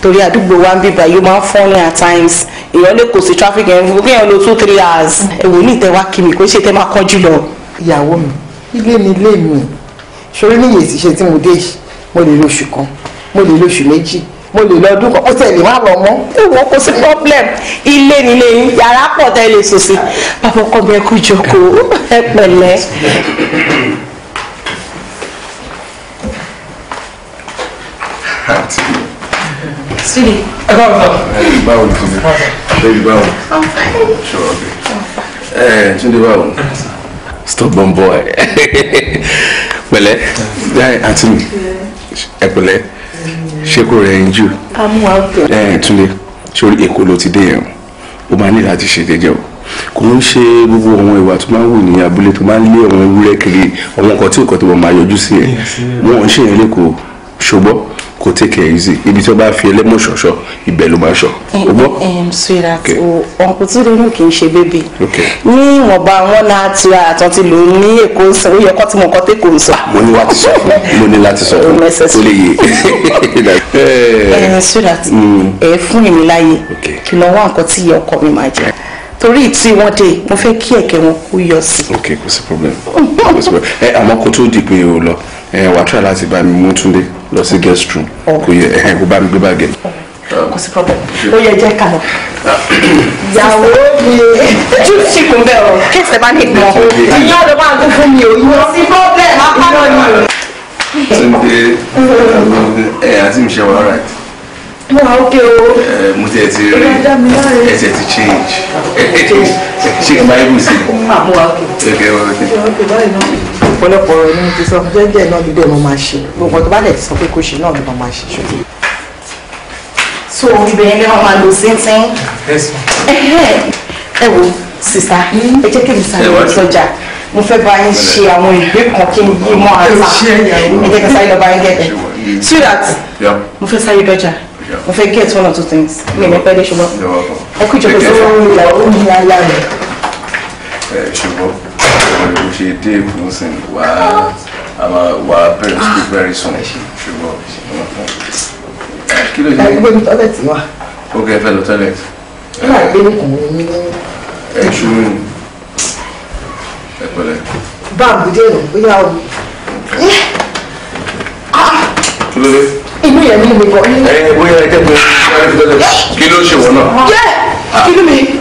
torí àdúgbò wa ń bíbá yóò máa ń fọ́nì at times èèyàn lè kò sí traffic ẹ̀ fún kéèyàn lo two three hours èwo ní ìtẹ̀wá kí mi kò ṣe tẹ́ máa kánjú lọ. ìyàwó mi ilé mi ilé mi ṣorí ní ìyèsí ṣe tí mo dé yìí mo lè lo oṣù kan mo lè lo oṣù méjì mo lè lọ dúkọ ó tẹ̀lé má lọ mọ́ èèwọ̀ kò sí problem ilé nílé yàrá pọ̀ tẹ̀lé sòsì bàbá ọkọ mi ẹ kú jókòó ẹ pẹ̀lẹ́. àti. Sidi. Ẹ báwo sọ. Báwo ni Tunde? Baby báwo? Sure okay. Ẹ eh, Tunde báwo? Stubborn boy. Pẹ̀lẹ́, dáì eh, àti mi. Ẹ pẹ̀lẹ́, ṣé kò rẹ̀ ń jù? Amú àwùjọ. Ẹ eh, Tunde, sórí Èkó ló ti dé yẹn o, ó máa ní láti ṣe jẹ́jẹ́ o kò ń ṣe gbogbo àwọn ìwà tó máa ń wù ní abúlé tó máa ń lé àwọn ewúrẹ́ kiri àwọn nǹkan tí òkò tó máa yọjú sí ẹ̀ wọ́n ń ṣe yẹn lẹ́kọ̀ọ́ ṣùgbọ́n kò take it easy ibi tí wọ́n bá fi ẹlẹ́mọ̀ ṣọ̀ṣọ́ ibẹ̀ ló máa ṣọ̀ eh, eh, o gbọ́. sweetheart o ọ̀nkú tí ronú kì í ṣe bébì ní ìwọ̀nba wọn náà ti ra àtọ́ ti lò ní èkó sọ ó yẹ kó tí mo kọ́ tẹ́ kò ń sọ. mo ní wá ti sọ fún mo ní láti sọ fún tó lè yé. Eh. sweetheart mm. ẹ fún èmi láàyè kí lọ wá nǹkan tí ọkọ mi máa jẹ torí tí wọ́n dé mo fẹ́ kí ẹ̀kẹ́ wọn kú yọ sí. ok kò sí problem kò sí problem ẹ àmọ́ kó tó dìgbìn o lọ ẹ wàá try láti bá mi mú Túndé lọ sí guest room oh. kò yẹ ẹhẹn kó bá mi gbé báàgì. Oh, kò sí problem ó yẹ jẹ́ ká lọ. ìyàwó mi jù sí kún bẹ́ẹ̀ o kí ẹsẹ̀ bá ní ìpọ́n ìyá ló máa dún fún mi o ìyá sí problem apá mi. Túndé ẹ àti mi ṣe wà right. mo wà ókè o. mo ti ẹ ti rí ẹ ti ẹ ti change ṣé kí n bá yẹ kó sí. mo wà ókè. ok ok ok báyìí náà ọ̀pọ̀lọpọ̀ ọ̀rọ̀ ni mo ti sọ jẹ́jẹ́ náà ló dé mo máa ṣe gbogbo tó bá dẹ̀ ti sọ pé kò ṣe náà ló máa ṣe ṣòfò. so obìnrin ni wọn máa lò síntín. ẹ wo sista ẹ jẹ́ kí mi sáré lọ sọ́jà mo fẹ́ bá yín ṣe àwọn ìgbé kan kí n yí mọ́ àtà ẹ jẹ́ kí n sáré lọ yín gẹ̀gẹ̀ so that mo fẹ́ sáré dọ́jà mo fẹ́ get one or two things mi ò ní dé ṣùgbọ́n ẹ kú ìjọba tó ń la ní ayá rẹ̀ o ṣe dé ìfúnsìn wà á wà á bẹ̀rẹ̀ sí very soon ah. ṣùgbọ́n kí ló ṣe. àgbẹ̀ mi toilet wà. ok ẹ fẹ́ lọ toilet. ó máa gbé ní kùnrin mi. ẹ ṣùgbọ́n ẹ pẹ̀lẹ́. báàgù dé nù bóyá o. Ah! kí ló dé. inú yẹn ní mi kọ. ẹ bóyá ẹ jẹ́ pé kí ló ṣe wọ́n náà. jẹ́ kí ló mi.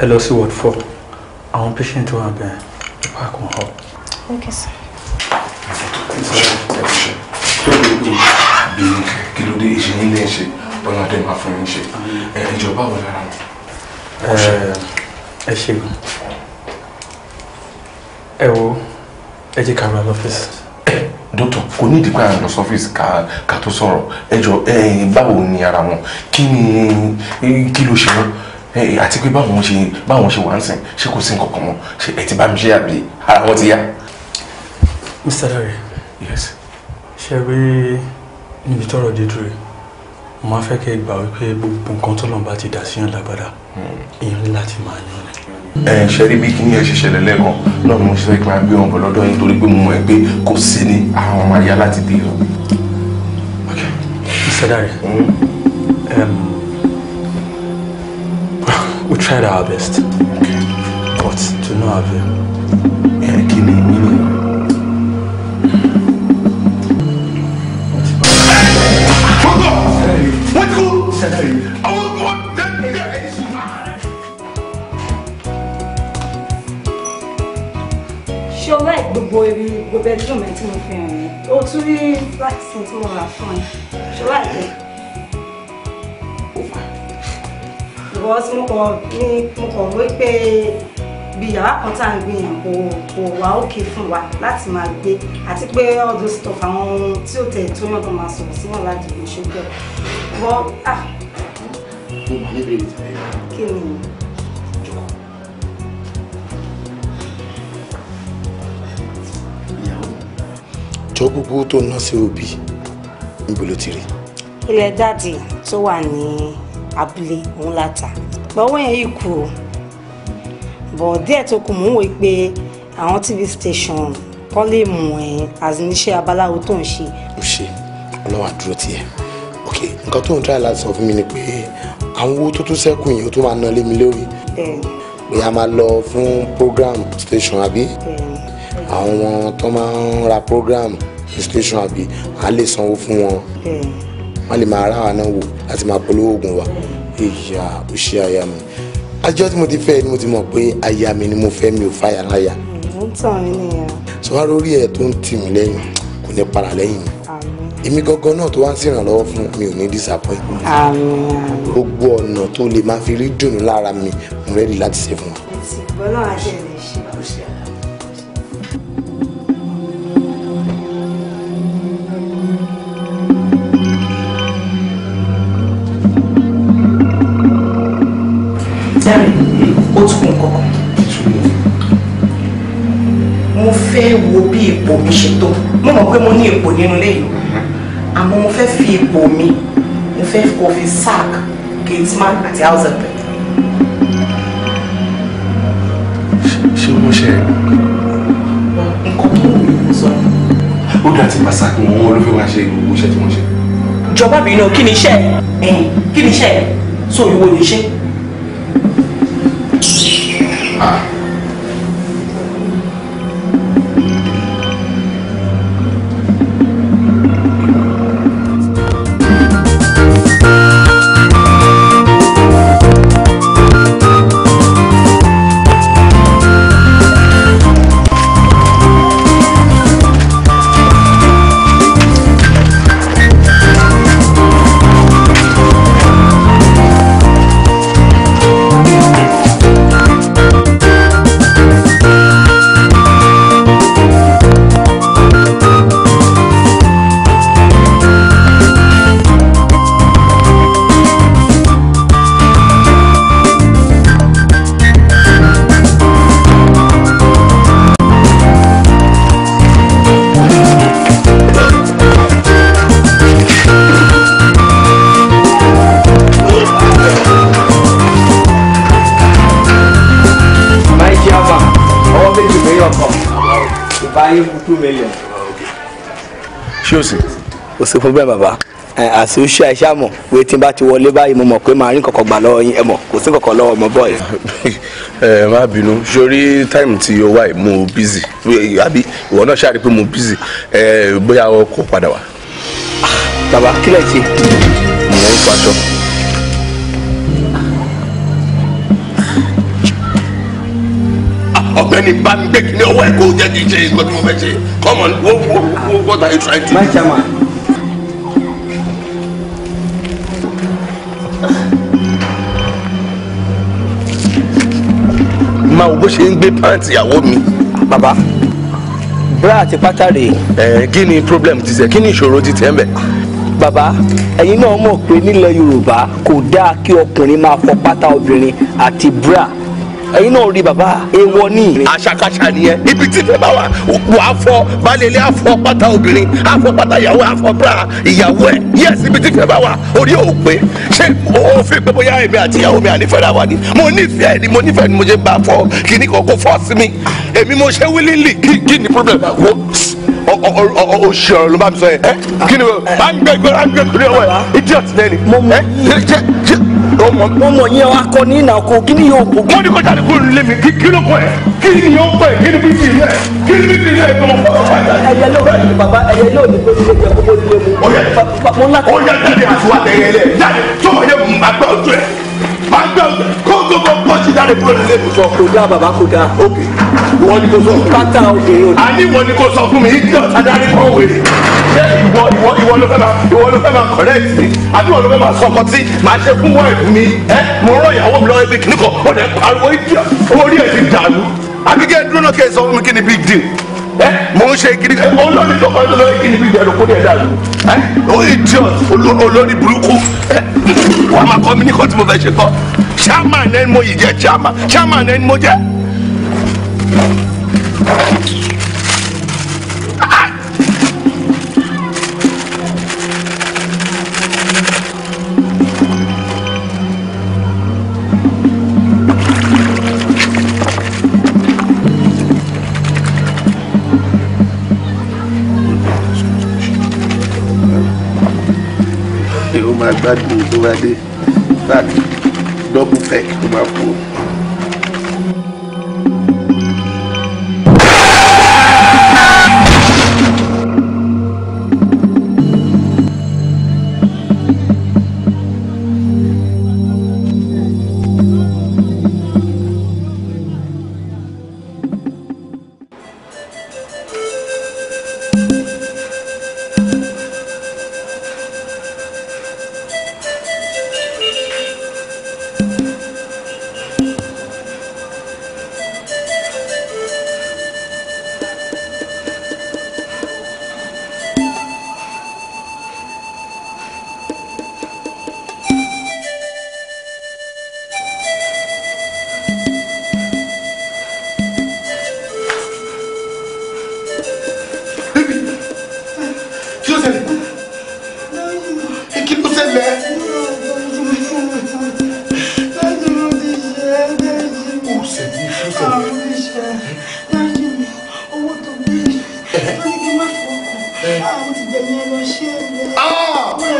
ẹ lọ sí ward four àwọn patient wà bẹ́ẹ̀ ẹ pa kàn họ. okay sir. bí kí ló dé ìṣe nílé ń ṣe bọ́lá dé máa fún yín ṣe ìjọba wà lára wọn. ẹ ṣe gan ẹ wo ẹ jẹ́ ká ra lọ́fíìsì dókítà kò ní ìdíkọ àwọn lọ sọfíìsì ká ká tó sọ̀rọ̀ ẹ jọ báwo ni ara wọn kí ni kí ló ṣe wọn àti pé báwọn ṣe báwọn ṣe wà ń sìn ṣé kò sí nǹkan kan mọ́ ṣe ẹ ti bá mi ṣe àbí ara wọn ti yá. Mr. Dare yes. ṣe rí níbi tọ́rọ̀ dé dúró mo máa fẹ́ kẹ́ ẹ gbà wípé gbogbo nǹkan tó lọ́n bá ti dà síyàn lágbádá hmm. èèyàn ní láti máa yan ni. ẹ ṣe rí bí kíní ẹ ṣe ṣẹlẹ̀ lẹ́ẹ̀kan náà mo ṣe fẹ́ kí n máa gbé wọn bọ̀ lọ́dọ̀ yín torí pé mo mọ̀ ẹ́ kò sí ní àwọn ọmọ ayá láti bí lọ. Mr. Dare. Um, We tried our best, but to no avail. Ẹ eh, kí ni mímì? Wọ́n ti kú! ṣe ọlá ìgbogbo ibi gbogbo ẹjọ́ mi tí mo fi hàn yín o tún rí láti sin tí mo rà fún ẹ ṣọlá ìgbẹ́. because mo kàn ní mo kàn wí pé bí yàrá kan tá à ń gbìyàn kò kò wá òkè fún wa láti máa gbé àti pé all those stuff àwọn ohun tí ò tẹ̀ tó yàn kan máa sọ̀rọ̀ sí wọn láti lè ṣe bẹ́ẹ̀ wọ́n à. mo máa ní kí ni. jọ gbogbo tó ná sí òbí níbo ló ti rí. ilẹ̀ dáàdì tó wà ní abúlé òun la tà gbọ́wọ́ yẹn yìí kú o bọ̀ díẹ̀ tó kù mò ń wòye pé àwọn tv station kọ́ lè mú ẹ̀ àzíníṣẹ́ abaláwo tó ń ṣe. ó ṣe ọlọ́wà dúró tiẹ̀ ok nǹkan tó ń try láti sọ fún mi ni pé àwọn owó tó tún ṣẹ́kù yẹn ó tún máa ná lé mi lórí pé a máa lọ fún program station àbí àwọn tó máa ń ra program station àbí a lè sanwó fún wọn. Mm wọ́n lè máa ara wa náà wò láti máa polówó oògùn wa ìyá ó ṣe àyà mi àjọ tí mo ti fẹ́ ni mo ti mọ̀ pé aya mi ni mo fẹ́ mi ò fàyà láyà. mo ń ẹ tó ń tì mí lẹ́yìn kò ní para lẹ́yìn mi. èmi gangan náà tó wá ń ṣèrànlọ́wọ́ fún mi ò ní disappoint. gbogbo ọ̀nà tó lè máa fi rí dùnú lára mi mo rẹ́ẹ̀dì láti ṣe fún wa. ìgbọ́n náà ṣe ń mi ṣe tó mo mọ̀ pé mo ní ipò nínú ilé yìí àmọ́ mo fẹ́ fi ipò mi mo fẹ́ kó fi sack gateman àti house help. ṣé mo ṣe é. nǹkan tó wù mí ló sọ ni. ó dà tí màsà kí wọn ló fi wá ṣe gbogbo tí wọ́n ṣe. ìjọba mi náà kí ni iṣẹ́ ẹ̀ kí ni iṣẹ́ ẹ̀ so ìwọ ni iṣẹ́. ṣé o sì. o sì fún bẹ́ẹ̀ bàbá àṣìṣe àṣà mọ̀ pé tí n bá ti wọlé báyìí mo mọ̀ pé màá rí kọ̀kọ̀ gbà lọ́wọ́ yín ẹ mọ̀ kò sí kọ̀kọ̀ lọ́wọ́ ọmọ bọ́ọ̀ yìí. ẹ má bínú sórí táìmù tí o wà yìí mo bízì àbí ìwọ náà ṣáà rí pé mo bízì bóyá o kò padà wá. bàbá kílẹ̀ ṣe. mo ń faṣọ. ọ̀gbẹ́ni bá mi gbé kí ni ọwọ́ ẹ̀ jẹ́ kí n ṣe ìgbọ́dún mo ṣe. Come on, what, what, what are you trying to My chairman. máa wo bó ṣe ń gbé pàǹtì ìyàwó mi. bàbá bra àti pátá rèé. ẹ kí ni problem ti ṣe kí ni ìṣòro ti tẹ́ ń bẹ̀. bàbá ẹ̀yin náà mọ̀ pé nílẹ̀ yorùbá kò dáa kí ọkùnrin máa fọ pátá obìnrin àti bra ẹ̀yin náà rí baba. ewọ ní. àṣàkáṣà nìyẹn ibi tí tẹ bá wà wà á fọ balẹ̀lẹ̀ á fọ pátá obìnrin á fọ pátá ìyàwó á bra ìyàwó ẹ̀ yẹ́sì ibi tí tẹ bá wà orí ò pé ṣé o fi pé bóyá èmi àti ìyàwó mi ànífẹ́ ra wa ni mo nífẹ̀ẹ́ ni mo nífẹ̀ẹ́ ni mo ṣe bá fọ kíní kò kò fọ́ sí mi èmi mo ṣe wílílì kí ni problem wo òṣì ọ̀rọ̀ ló bá mi sọ yẹn kí ni bá ń gbẹgbẹ bá ń gbẹgbẹ ọwọ́ ẹ idiot lẹ́ni. mo mú mo mọ̀ yẹn akọni náà kò kí ni yóò kó. wọ́n ní kó jáde kó lè mi kí kí ló kọ́ ẹ̀ kí ni yóò kọ́ ẹ̀ kí ni bí ti rẹ̀ kí ni bí ti rẹ̀ tó ń bọ̀ ọ́ ẹyẹ lóò ní baba ẹyẹ lóò ní gbóni lójú ẹkọ gbóni lójú. ó yà ó yà àti wà tẹ̀yẹ lẹ̀ jáde tó wà mú agbá ojú ẹ̀ àgbà kókó bọ pọ́ọ̀tì dáre kúrò mi sọ. kò bàbá kò ok wọ́n ní kò sọ. pátá obìnrin òde. àní wọ́n ní kò sọ fún mi ìdí ọ̀tá dáre wèrè. ṣé ìwọ ìwọ ìwọ ló fẹ́ máa ìwọ ló fẹ́ máa correct mi àbí ìwọ ló fẹ́ máa sọ tí màá ṣe fún wọ́ọ̀dù mi ẹ mo rán ìyàwó mi lọ ibi kìnnìkan ó dẹ̀ pariwo ìdí orí ẹ̀ ti dàrú. akíkẹ́ dúró náà kẹ́ ẹ eh, mò ń ṣe kiri eh, olórí tó kọ́ lórí kiri bí ìjẹun kó ní ẹ̀dá lu ó eh, idiot olórí burúkú wọ́n máa kọ́ mi ní kọ́ tí mo fẹ́ ṣe kọ́ chairman ẹni mo yìí jẹ́ chairman chairman ẹni mo jẹ́. gbádùn tó bá dé that double pack tó bá fún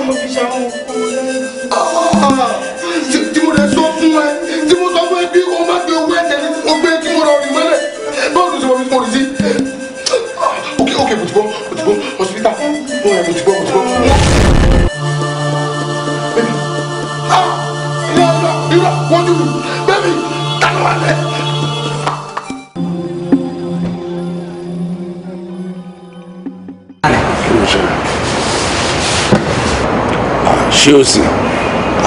mo fi ṣe àwọn òkú rẹ. Ah, tí mo lè sọ fún ẹ. ṣe òsì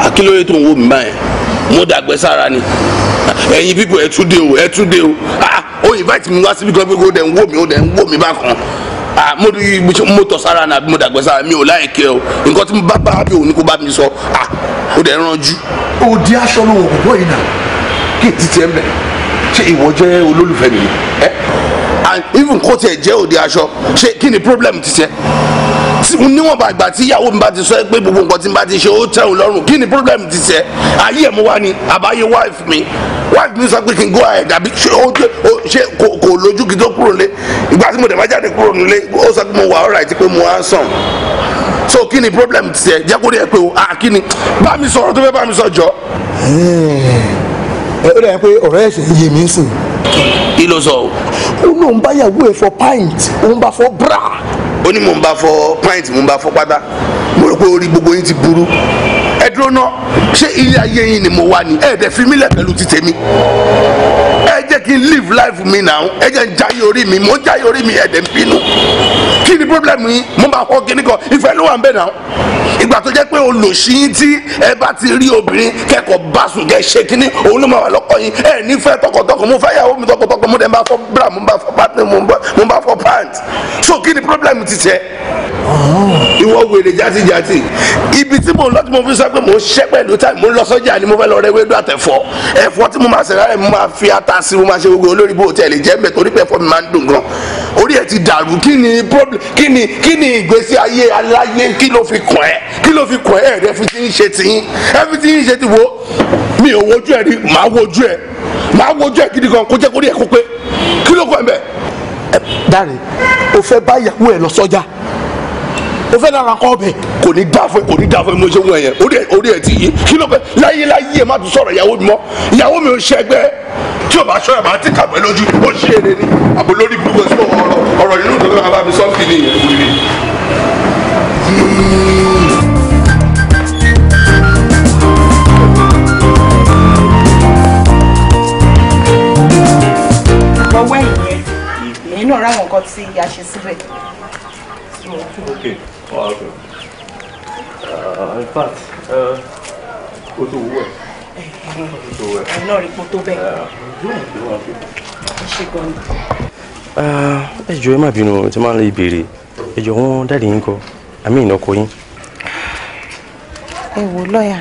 àkílóye tó ń wo mi báyẹn mo dàgbẹ́ sára ni ẹ̀yin bíbù ẹ̀ tún dé o ẹ̀ tún dé o ó invite mi wá síbi kan pé kó dẹ̀ ń wò mí ó dẹ̀ ń wò mí bákan mo rí mo tọ̀ sára ni àbí mo dàgbẹ́ sára mi ò láìkẹ́ o nǹkan tí mo bá bá bí òun ni kó bá mi sọ ó dẹ̀ ránjú. òdi aṣọ ló wò bọ́ yìí náà kí ètí tiẹ̀ ń ṣé ìwọ jẹ́ olólùfẹ́ mi ẹ́ even kó tiẹ̀ jẹ́ òdi aṣọ ṣé kí ni problem ti tiẹ̀ níwọ̀nba àgbà tí ìyàwó mi bá ti sọ ẹ pé gbogbo nǹkan tí mi bá ti ṣe ó tẹ́ òun lọ́rùn kí ni problem ti ṣe ayé ẹ̀ mú wá ni àbáyé wife mi wife mi sọ pé kí n go ahead àbí ṣé ó ṣe kò lójú kí tó kúrò nílé ìgbà tí mo dẹ̀ bá jáde kúrò nílé ó sọ pé mo wà alright pé mo á sàn so kí ni problem ti ṣe jẹ́ kó rí ẹ pé o à kí ni bá mi sọ̀rọ̀ tó fẹ́ bá mi sọ jọ. ẹ ó dà pint òun bá bra ó ní mò ń bá fọ pint mò ń bá fọ pátá mo rò pé orí gbogbo yín ti burú ẹ dúró ná ṣé ilé ayé yín ni mo wà ní ẹ dẹ̀ fi mí lẹ̀ pẹ̀lú ti tèmi ẹ jẹ́ kí n live life mi now ẹ jẹ́ n jáyé orí mi mo ń jáyé orí mi ẹ dẹ̀ ń bínú kí ni problem yín mo bá kọ́ kíní kan ìfẹ́ ló wà ń bẹ̀ now ìgbà tó jẹ́ pé olùsíyín tí ẹ bá ti rí obìnrin kẹ́kọ̀ọ́ bá sùn jẹ́ ṣe kínní òun ló máa wà lọ́kọ yín ẹ nífẹ̀ẹ́ tọkọtọkọ mo fẹ́ yàwó mi tọkọtọkọ mo dẹ̀ ń fọ bra mo ń fọ pant mo ń fọ pant so kí ni problem ti tẹ ìwọ wèrè játijàti ibi tí mò lọ tí mo fi sọ pé mò ń ṣẹ́ pẹ̀lú táì mò ń lọ sọ́jà ni mo fẹ́ lọ rẹ ewédú àtẹ̀fọ́ ẹ̀fọ́ tí mo máa ṣẹ̀rẹ̀ rẹ̀ mo máa fi ata sí mo máa ṣe gbogbo olórí bó tẹ̀lé jẹ́ mbẹ́ torí pé ẹ̀fọ́ mi máa ń dùn gan orí ẹ̀ ti dàrú kí ni problem kí ni kí ni ìgbésí ayé aláyé kí ló fi kàn ẹ́ kí ló fi kàn ẹ́ rẹ fi ti ń ṣe tiyín ẹ ti ń ṣe ti wo mi ò wojú ẹ rí màá wojú ẹ màá wojú ẹ gidi gan kó jẹ́ kó o fẹ́ lára kọ́ bẹ̀. kò ní dá fún kò ní dá fún ṣe wọ yẹn o de o de ti yí kí ló fẹ́ láyé láyé má tún sọ̀rọ̀ ìyàwó mi mọ́ ìyàwó mi ò ṣẹgbẹ́ tí o bá ṣọ́ra màá ti kàwé lójú ó ṣe eré ni àbò lórí gbogbo sí ọ̀rọ̀ ọ̀rọ̀ inú tó lọ́wọ́ bá mi sọ́ọ̀tì ní ìyẹn wuli. Welcome. Uh, in uh, o tó wú ẹ̀. O tó wú ẹ̀. Ẹ̀yin náà rí ipò tó bẹ́ẹ̀. Uh, ṣé gan-an? Uh, ẹ jọ̀ọ́ ẹ má bínú tí máa ń lè béèrè. Ẹ jọ̀ọ́ wọn dáàdì yín kọ, àmì ìnáko yín. Ẹ wo lọ́ọ̀yà,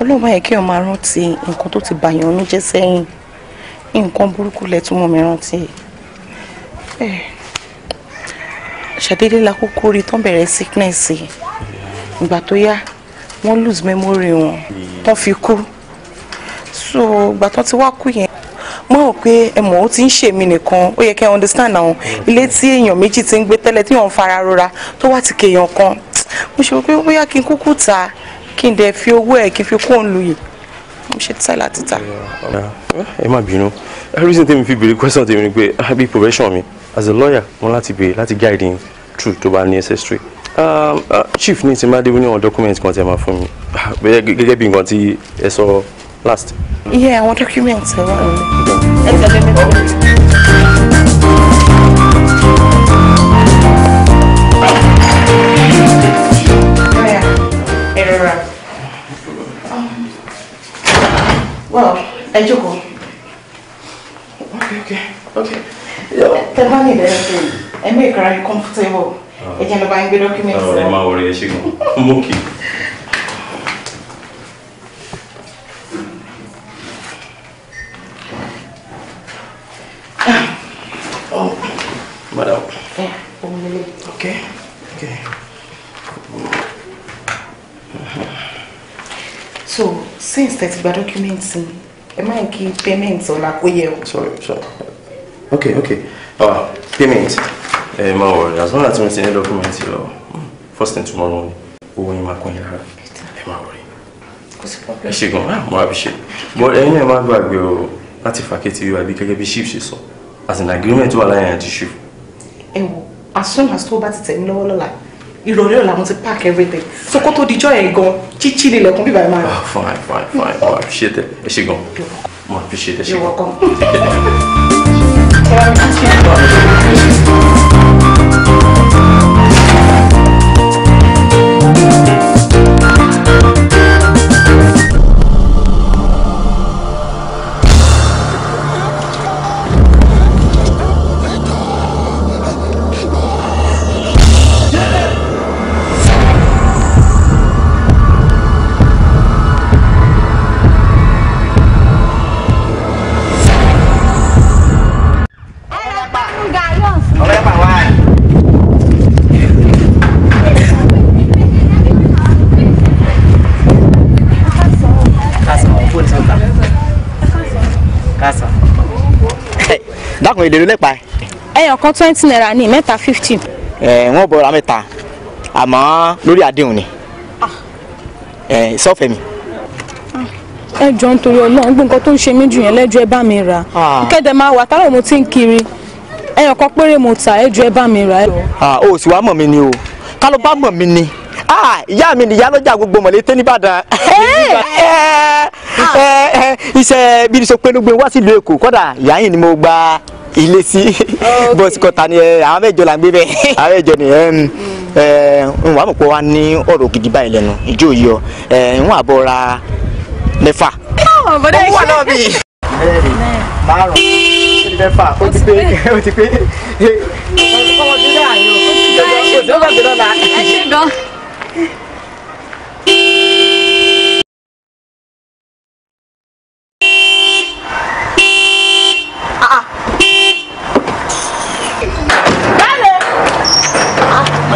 ọlọ́run bá yẹ kí ọmọ rántí nǹkan tó ti bàyàn ọ̀nú jẹ́ sẹ́yìn. Nǹkan burúkú lẹ tún mọ́ mi rántí. Ẹ ṣàdédé la kúkú rí tán bẹ̀rẹ̀ sickness ìgbà tó yá wọ́n lose memory wọn tán fi kú so ìgbà tán ti wá kú yẹn mo rò pé ẹ mọ̀ ó ti ń ṣèmi nìkan ó yẹ kẹ́ ẹ understand àwọn ilé tí èèyàn méjì ti ń gbé tẹ́lẹ̀ tí wọ́n ń fara rora tó wá ti kéèyàn kan mo ṣe rò pé bóyá kí n kúkú ta kí n dẹ̀ fi owó ẹ̀ kí n fi kó òun lu yìí mo ṣe tíṣàlà títà. ẹ má bínú everything tèmi fi béèrè question tèmi ni pé ah, bí profession mi as a lawyer mo láti béèrè láti guide him through tó bá ní necessary um, uh, chief ní ti máa dé ní àwọn document kan tí ẹ máa fún mi ah, gẹ́gẹ́ bí ẹ jókòó. ok ok ok. tẹ̀gbọ́n ní ìdẹ́rẹ́ sí i ẹ mú ìkara yín comfortable ẹ jẹ́ ló bá ń gbé document sí i. ẹ máa wọrí ẹ ṣe gan mú kí. Madam. Yeah, okay, okay. So, since that the documents payment ọ̀la kó sorry sorry okay okay uh, payment ẹ máa wọ̀ as long as mo ti ní document lọ first thing tomorrow morning owó yín máa kún yín Ma worry. máa wọ̀ rí ẹ ṣe gan ah, mo àbí ṣe but ẹ̀yin náà má gbàgbé o láti fàkẹ́tì wíwá bí gẹ́gẹ́ bí chief ṣe So, as an agreement wà láyé àti chief. ẹ wo as soon as tó bá ti tẹ̀ mí lọ́wọ́ lọ́la ìrọ̀lẹ́ ọ̀la mo ti pack everything so kó tó dijọ́ yẹn gan chichi ni ilẹ̀kùn bíbá ẹ̀ máa. Ah, fine fine fine mo appreciate it ẹ ṣe gan mo appreciate ẹ ṣe gan. welcome. èdè ló lẹ́pa ẹ̀. ẹyọ kan twenty naira ní mẹ́ta fifty. ẹ wọn bọ ra mẹ́ta àmọ́ lórí àdéhùn ni ah. ẹ sọfẹ mi. Ah. ẹ jọ ń torí Ọlọ́run gbé nǹkan tó ń ṣe mí jù yẹn lẹ́jọ́ ẹ bá mi rà ah. kẹdẹ máa wà táwọn mo ti ń kiri ẹyọ kan péré mo tà ẹjọ́ ẹ bá mi rà. o sì wá mọ̀ mi ni o ká ló bá mọ̀ mi ni ìyá mi nìyá lọ́jà gbogbo mọ̀lẹ́tẹ́ nìbàdàn iṣẹ́ bí ní sọ pé ló gbé wá sílùú èkó kọ́dà ìyá yìí ni mo gba ilé sí bọ́sì kọ́ta ni àwọn mẹ́jọ là ń gbé bẹ́ẹ̀ àwọn mẹ́jọ ni n wà mọ̀ pé wà ní ọ̀rọ̀ gidi báyìí lẹ́nu ìjọ yìí ọ n wà bọ̀ ra mẹ́fà. bọ́dẹ̀ ṣe wọ́n náà bì. mẹ́rin márùn-ún mẹ́fà ó ti pé ó ti pé. ọmọ mi náà yóò ó ti jọjọ kó o ti ó bá gbé ẹ ṣe gan.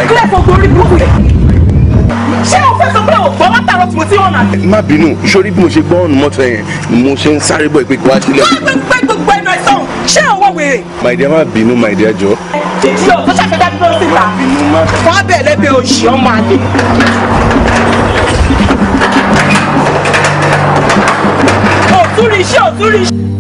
kílẹ̀ fọgbọ́n orí burúkú yẹn ṣé o fẹ́ sọ pé o gbọ́ látàrọ tí mo ti hàn àti. má bínú ìṣòrí bí mo ṣe gbọ́ ọ̀nà mọ́tò yẹn mo ṣe ń sáré bọ̀ ìpè kí wá sílẹ̀. gbẹ́ gbẹ́ gbogbo ẹnu ẹ̀sán ṣé o wọ wèrè. my dear má bínú my dear jọ. jíjọ tó ṣàfẹ́dá dúró síta wọ́n á òṣì ọmọ àlè. òtún rí iṣẹ́ òtún rí iṣẹ́.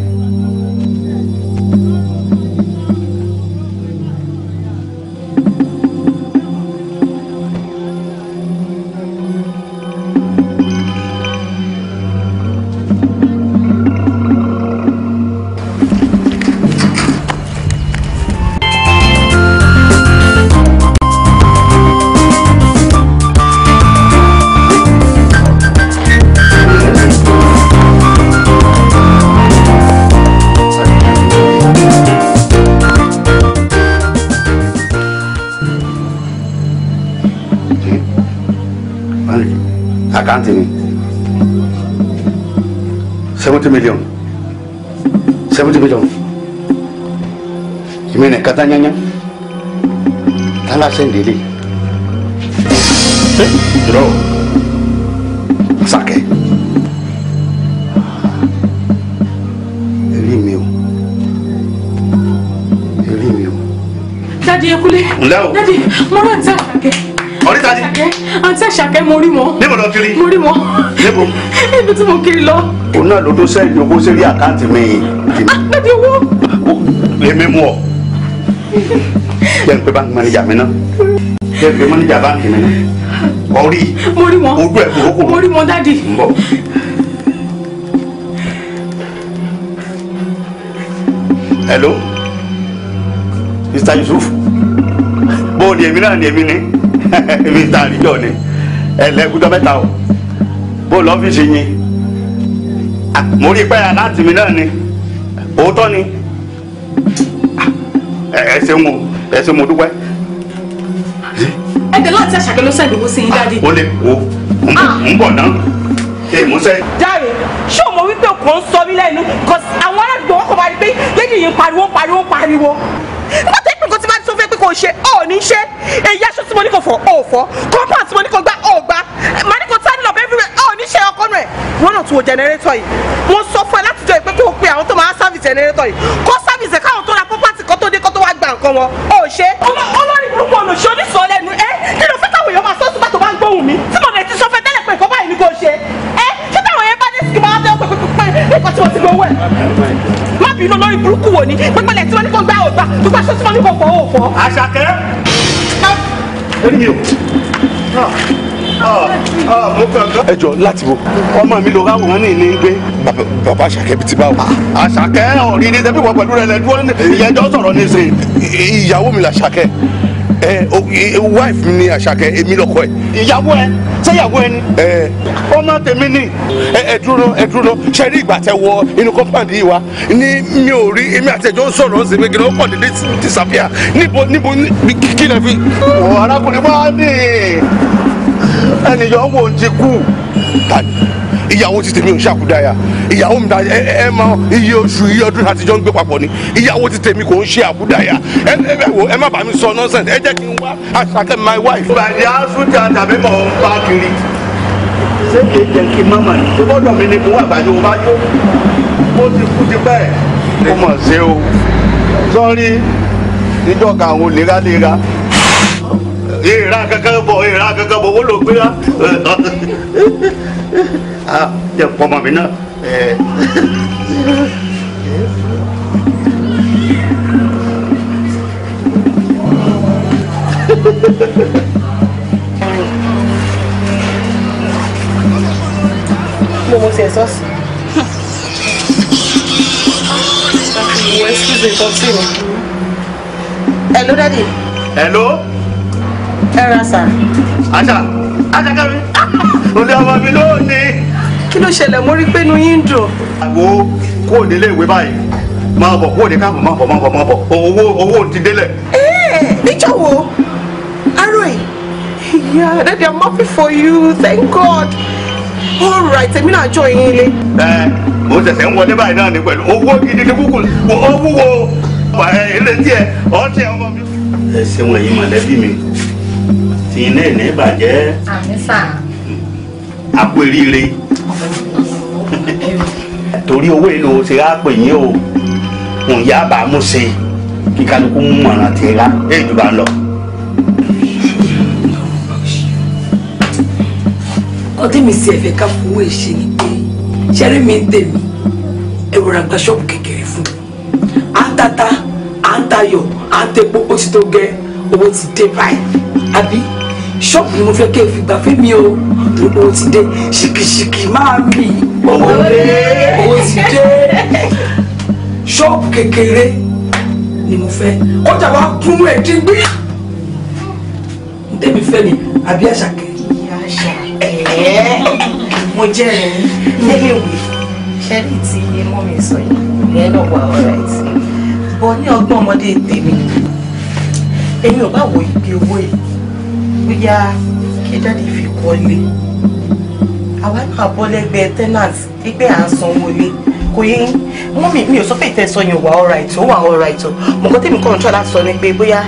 tán yányán tálá sẹ́ńdélé ìrọ̀ sàkẹ́ èrí mi o èrí mi o. dadi ekule dadi mo rán ní sàkẹ́ ọ̀rẹ́ ta ni. àǹtí àṣàkẹ́ mo rí mọ́. níbo lọ kiri. mo rí mọ́. níbo. ibi tí mo kiri lọ. òun náà ló tó sẹ́yìn owó sórí àkáǹtì mi. bẹ́ẹ̀ ah, ni owó. èmi mú ọ jẹ́ n pé báńkì mánéjà mi náà jẹ́ n pé mánéjà báńkì mi náà ọ̀rí ojú ẹ̀ kúrókò mo rí wọn dáàdì. hello mr yusuf bó ni èmi náà ni èmi ni èmi ta àríjọ ni ẹlẹ́gùdọ́ mẹ́ta o bó lọ́fíìsì yín mo rí pẹ́ aláàtì mi náà ni òótọ́ ni ẹ ṣeun o ẹ ṣeun mo dúpẹ́. ẹ dẹ̀ láti àṣàkẹ́ ló sẹ́ẹ̀dì owó sí yín dáadé. o lè wo n ah. bọ̀ náà ṣe ìmúṣẹ. jáde ṣé o mọ wípé o kò ń sọ mí lẹ́nu cause àwọn aládùúgbò wọn kò máa rí pé lẹ́yìn yìí ń pariwo ń pariwo ń pariwo bọ́tẹ́ ìpín kan tí máa tó fẹ́ pé kò ṣe ò ní ṣe èyí aṣọ tí mo ní kò fọ̀ ò fọ̀ compound tí mo ní kò gbá ò gbá màá ní kò tán lọ bẹ́ẹ̀ ò ní ṣe ọkọ rẹ̀ wọ́n náà tún wo jẹnẹrétọ̀ yìí mo sọ fún ẹ láti jọ ìpé kó o pe àwọn tó máa ń sáfìsì jẹnẹrétọ̀ yìí kó sáfìsì gba nǹkan wọn ó ṣe. olórí burúkú ọ̀nà ṣe oníṣọ́ lẹ́nu ẹ kí ló fẹ́ táwọn èèyàn máa sọ sígbà tó bá ń gbóhùn mi tí mo lè ti sọ fẹ́ tẹ́lẹ̀ pé nǹkan báyìí ni kò ṣe ẹ ṣé táwọn èèyàn bá dé sí kí máa fẹ́ pé nǹkan tí mo ti gbowó ẹ̀. má bínú olórí burúkú wò ni pípẹ́ lẹ̀ tí wọ́n ní kó gbá ògbà gbogbo aṣọ tí wọ́n ní kó fọ́ òfọ́. àṣàkẹ́ ẹ jọ láti wo ọmọ mi ló ráwòrán ní ilé ń gbé. bàbá àṣàkẹ́ bíi ti bá wò. àṣàkẹ́ ọ̀rí ni ṣebí wọ́n pẹ̀lú rẹ̀ lẹ́dúró eh. ìyẹjọ́ sọ̀rọ̀ ní sè. ìyàwó mi làṣàkẹ́ ẹ eh, eh, wife mi ni àṣàkẹ́ èmi lọ́kọ ẹ̀. ìyàwó ẹ ṣé ìyàwó ẹ ni. ọmọ tèmi ni. ẹ dúró ẹ dúró ṣe rí ìgbà tẹ wọ inú compound yìí wa ni mi ò rí èmi àtẹjọ sọ̀rọ̀ ọsẹ mi gẹ́gẹ́ ó kàn dédé disappear níbo níbo kí lè fi. arákùnrin máa ń dè é ẹnìyàn wò ti kú tani ìyàwó ti tèmi ò ṣàkúdáyà ìyàwó mi ẹ ẹ mọ iye oṣù iye ọdún láti ń gbé papọ̀ ni ìyàwó ti tèmi kò ń ṣe àkúdáyà ẹ ẹ má bàa mi sọ nonsense ẹ jẹ́ kí n wá àṣàkẹ́ my wife. bàdí àsúnjà tàbí mọ̀ ń bá kiri ṣé kìí jẹ́ kí mama ní ṣé bọ́dọ̀ mi ni mo wà bàjẹ́ mo bá jó mo ti kú ti pẹ́ mo mọ̀ ṣe o sọ́rí ìjọ kan ò léraléra ìra kankan bọ̀ ìra kankan bọ̀ wọ́n ló gbé wa. a jẹ pọmọ mi náà. mo mo ṣe sọ sí. hello daddy. hello ẹ ra sà. àṣà àṣà kẹrin olè ọmọ mi lónìí. kí ló ṣẹlẹ̀ mo rí pé inú yín dùn. àwo kó o nílé ìwé báyìí máa bọ̀ kó o ní káàmù máa bọ̀ máa bọ̀ máa bọ̀ owó owó ti délẹ̀. ẹ níjọ́ wo aroy yeah daddy i'm happy for you thank god all right èmi náà jọ yín ilé. ẹ mo ṣẹ̀ṣẹ̀ ń wọlé báyìí náà ní pẹ̀lú owó gidi ní kúkú owó wo ilé tiẹ̀ ọ̀tí ọmọ mi. ẹ ṣe wọ̀nyí mọ̀lẹ́bí mi tí iná ìní ìbàjẹ́ àpò eríire torí owó èlò ṣe á pè yín o òǹyà bàámu ṣe kí kálukú mú mọ̀ràn tí ra èyí tó bá ń lọ. ọdún mi sì ẹ̀fẹ̀ ká fowó ìṣe ni pé ṣẹ́rí mi ń tèmi ẹ̀rọ àgbà ṣọ́ọ̀bù kékeré fún mi à ń tata à ń tayọ̀ à ń tepo ó ti tó gẹ́ owó ti dé báyìí àbí ṣọ́ọ̀bù ni mo fẹ́ kẹ́ ẹ fi gbà mi o gbogbo ti dé ṣìkìṣìkì máa ń bì owó dé owó ti dé ṣọ́ọ̀bù kékeré ni mo fẹ́ ọjà wa kún ẹ̀ dígbì tẹ́mi fẹ́ ni àbí àṣàkẹ́. ìyá àṣà ẹ̀ẹ́ mo jẹ́ rẹ̀ lẹ́lẹ́wé ṣẹ́rí tí mọ́ mi sọ yìí ìyẹn náà wà ọ̀rẹ́ ìsìn bọ́ ní ọgbọ́n ọmọdé tèmi èmi ò bá wo ibi owó yìí bóyá kí dáàdi fi kọ́lé àwa náà bọ́ lẹ́gbẹ̀ẹ́ tenant pípẹ́ à ń sanwó lé kò yé mọ́mì mi ò sọ pé ìtẹ̀sọ yẹn wà ọ̀rọ̀ àìtó wà ọ̀rọ̀ àìtó mọ̀kọ́ tèmi kàn ń tọ́ láti sọ ni pé bóyá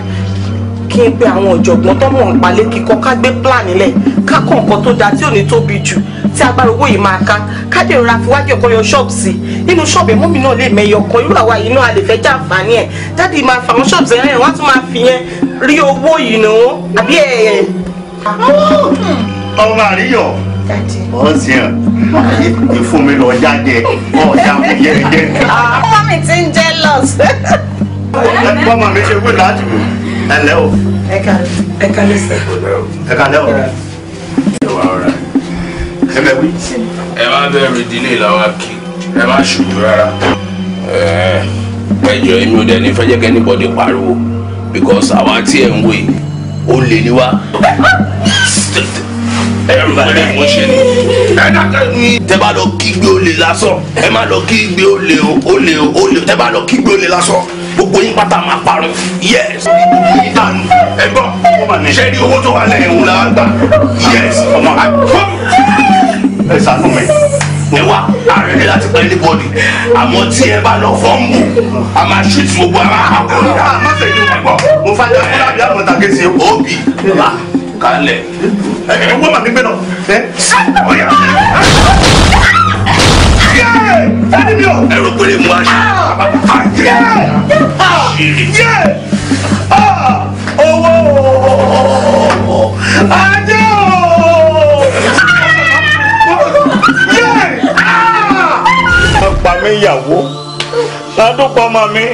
kí n pe àwọn ọ̀jọ̀gbọ́n tó mọ̀ ń palẹ̀ kíkọ́ ká gbé plan nílẹ̀ ká kọ́ nǹkan tó dáa tí ò ní tóbi jù tí agbára owó yìí máa ká ká dé rọra fi wájú ọkọ yọ ṣọ́ọ̀bù nínú ṣọ́ọ̀bù ẹ̀mú mi náà lè mẹ́yọ kan irú àwa yìí náà a lè fẹ́ já àǹfààní ẹ̀ dáàdi máa fa àwọn ṣọ́ọ̀bù sẹ́yìn wọ́n tún máa fi yẹn rí owó yìí nù ún àbí ẹ̀. ọmọ àríyọ ọ̀sìn ìfún mi lọ jáde ọ̀ọ́dà mi yẹn jẹ. ọmọ ah, mi ti ń jẹ́ lọ́s. ọmọ mi ṣe wí láti wò ẹ ǹlẹ́ o. ẹ kálẹ́ sà. ẹ kálẹ́ o. ẹ wà ọ̀rá ẹ bẹ wí. ẹ má bẹ̀rù ìdílé làwọn kì ẹ má ṣùjú rárá. ẹjọ èmi ò dẹ̀ ní fẹ́ jẹ́ kẹ́ anybody pariwo because àwa tí ẹ̀ ń wò yìí ó lè ní wá ẹrù rẹ mo ṣe ni tẹ bá lọ kígbe olè lásán ẹ má lọ kígbe olè o olè o olè tẹ bá lọ kígbe olè lásán gbogbo yín pátá máa parọ́ yes ìdánù ẹ̀gbọ́n ṣe rí owó tó wà lẹ́yìn òun là á gbà yes ọmọ àgbọn ẹ sànú mi ẹ wá ààrẹ ní láti pẹ́ níbọ̀dì àmọ́ tí ẹ bá lọ fọ́ǹbù a máa ṣe tí gbogbo ara àpò ìyá àmọ́sẹ̀ yìí ẹ̀gbọ́n mo fàjà fúlàbí àmọ́ta kẹsì òbí kalẹ̀ ẹ ẹ wọ́n mà mí gbé lọ ẹ sí ọ̀yà ẹni mi ò ẹrùkú ni mo ṣe àjẹ àjẹ owó àjẹ oh pa ah ìyàwó ládùúgbò ọmọ mi.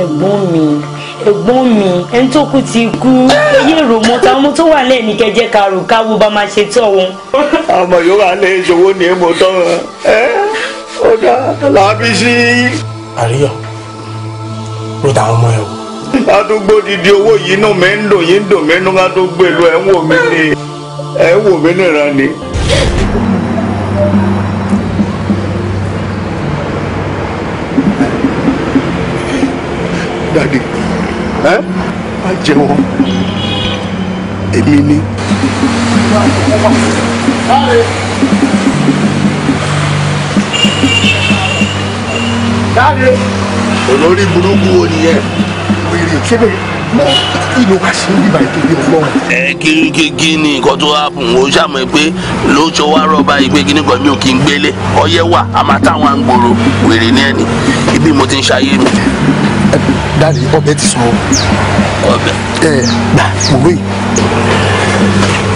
ẹ̀gbọ́n mi ẹ̀gbọ́n mi ẹni tó kú ti kú eyé èrò mọ́ta ọmọ tó wà lẹ́ẹ̀ni kẹjẹ karùn-ún káwọ́ bá máa ṣe tọ́ wọn ọmọ yòówù alẹ́ ìṣòwò ni mo tọrọ ẹ ó dá sí. àríyọ ló ta ọmọ ẹ wò. àdúgbò dídí owó yìí inú mi ń dùn yìí ń dùn mí inú ká tó ẹ ń wò mí ni ẹ ń wò mí nìran ni. dadi ẹ má jẹ wọn èmi ni. Dale. Dale. Olórí burúkú wo nìyẹn? Wèrè ṣébè mọ ìlú wa ṣe ń bíbá ìtòbí ọgbọ́n. Ẹ kíríkíkí ni nǹkan tó hápùn ó ṣàmọ̀ pé lóṣọ wa rọ́ọ̀bà ìgbé kíní kan mi ò kí ń gbélé ọyẹ wà a máa táwọn àgbòrò wèrè ní ẹni ibi mo ti ń ṣayé mi. Dale ọbẹ̀ ti sọ. Ọbẹ̀. Ẹ gbà wúwo yìí.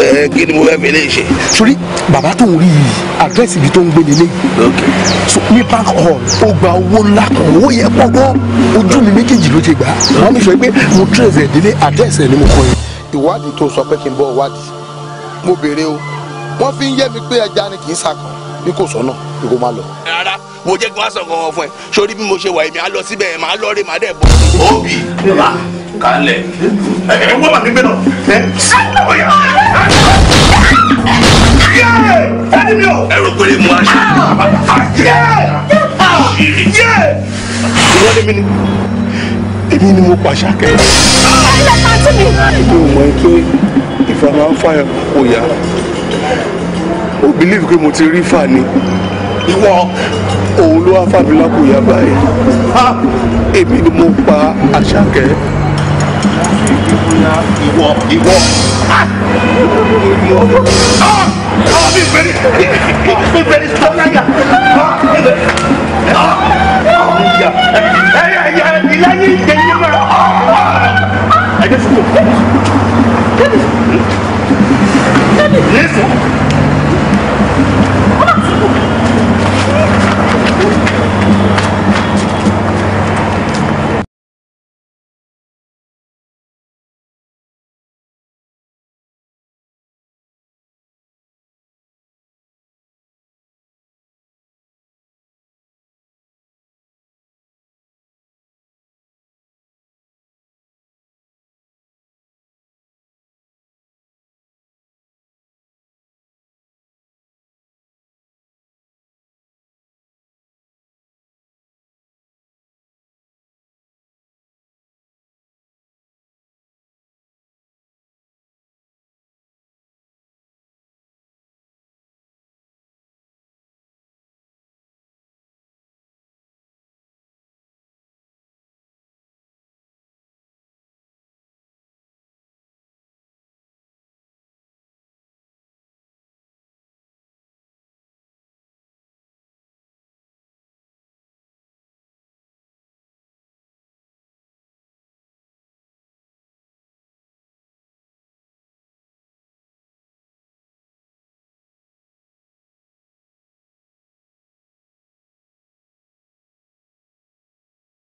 ẹ kí ni mo fẹ́ fi lè ṣe. sori bàbá tó ń rí yìí àdírẹ́sì ibi tó ń gbé nílé so ní bank hall ó gba owó ńlá kan owó yẹ pọ́pọ́ ojú mi méjèèjì ló ti gbà wọ́n mi sọ pé mo tírẹ̀sì ẹ̀ délé àdírẹ́sì ẹ̀ ni mo kọ́ yẹn. ìwádìí tó sọ pé kí n bọ̀ wádìí mo béèrè o wọ́n fi ń yé mi pé ẹja ni kì í sàkàn bí kò sọ́nà bí kò má lọ. rárá wo jẹ́ kí wọ́n á sọ̀kan wọn fún ẹ sórí bí mo ṣe wà èmi á lọ síbẹ̀ màá lọ rè màá dẹ̀ bọ̀. òbí bàbá kalẹ̀. ẹ wọ́n mà mí gbé náà. ẹni mi o. ẹrù péré mu aṣọ. ìwọ ni mi ni èmi ni mo pàṣà kẹ. ilé pàtó mi. mi ò mọ̀ pé ìfàmà ń fàyà kò yá ó pé mo ti rí fà ni ìwọ òun ló wá fàmìlà kò yá báyìí èmi ni mo pa àṣà kẹ. He ìwọ èmi ọdún Ah! Ah! mi bẹ̀rẹ̀ sọ́láyà mi bẹ̀rẹ̀ ẹ̀yà ìlànà ìdẹ̀yẹ mọ́ra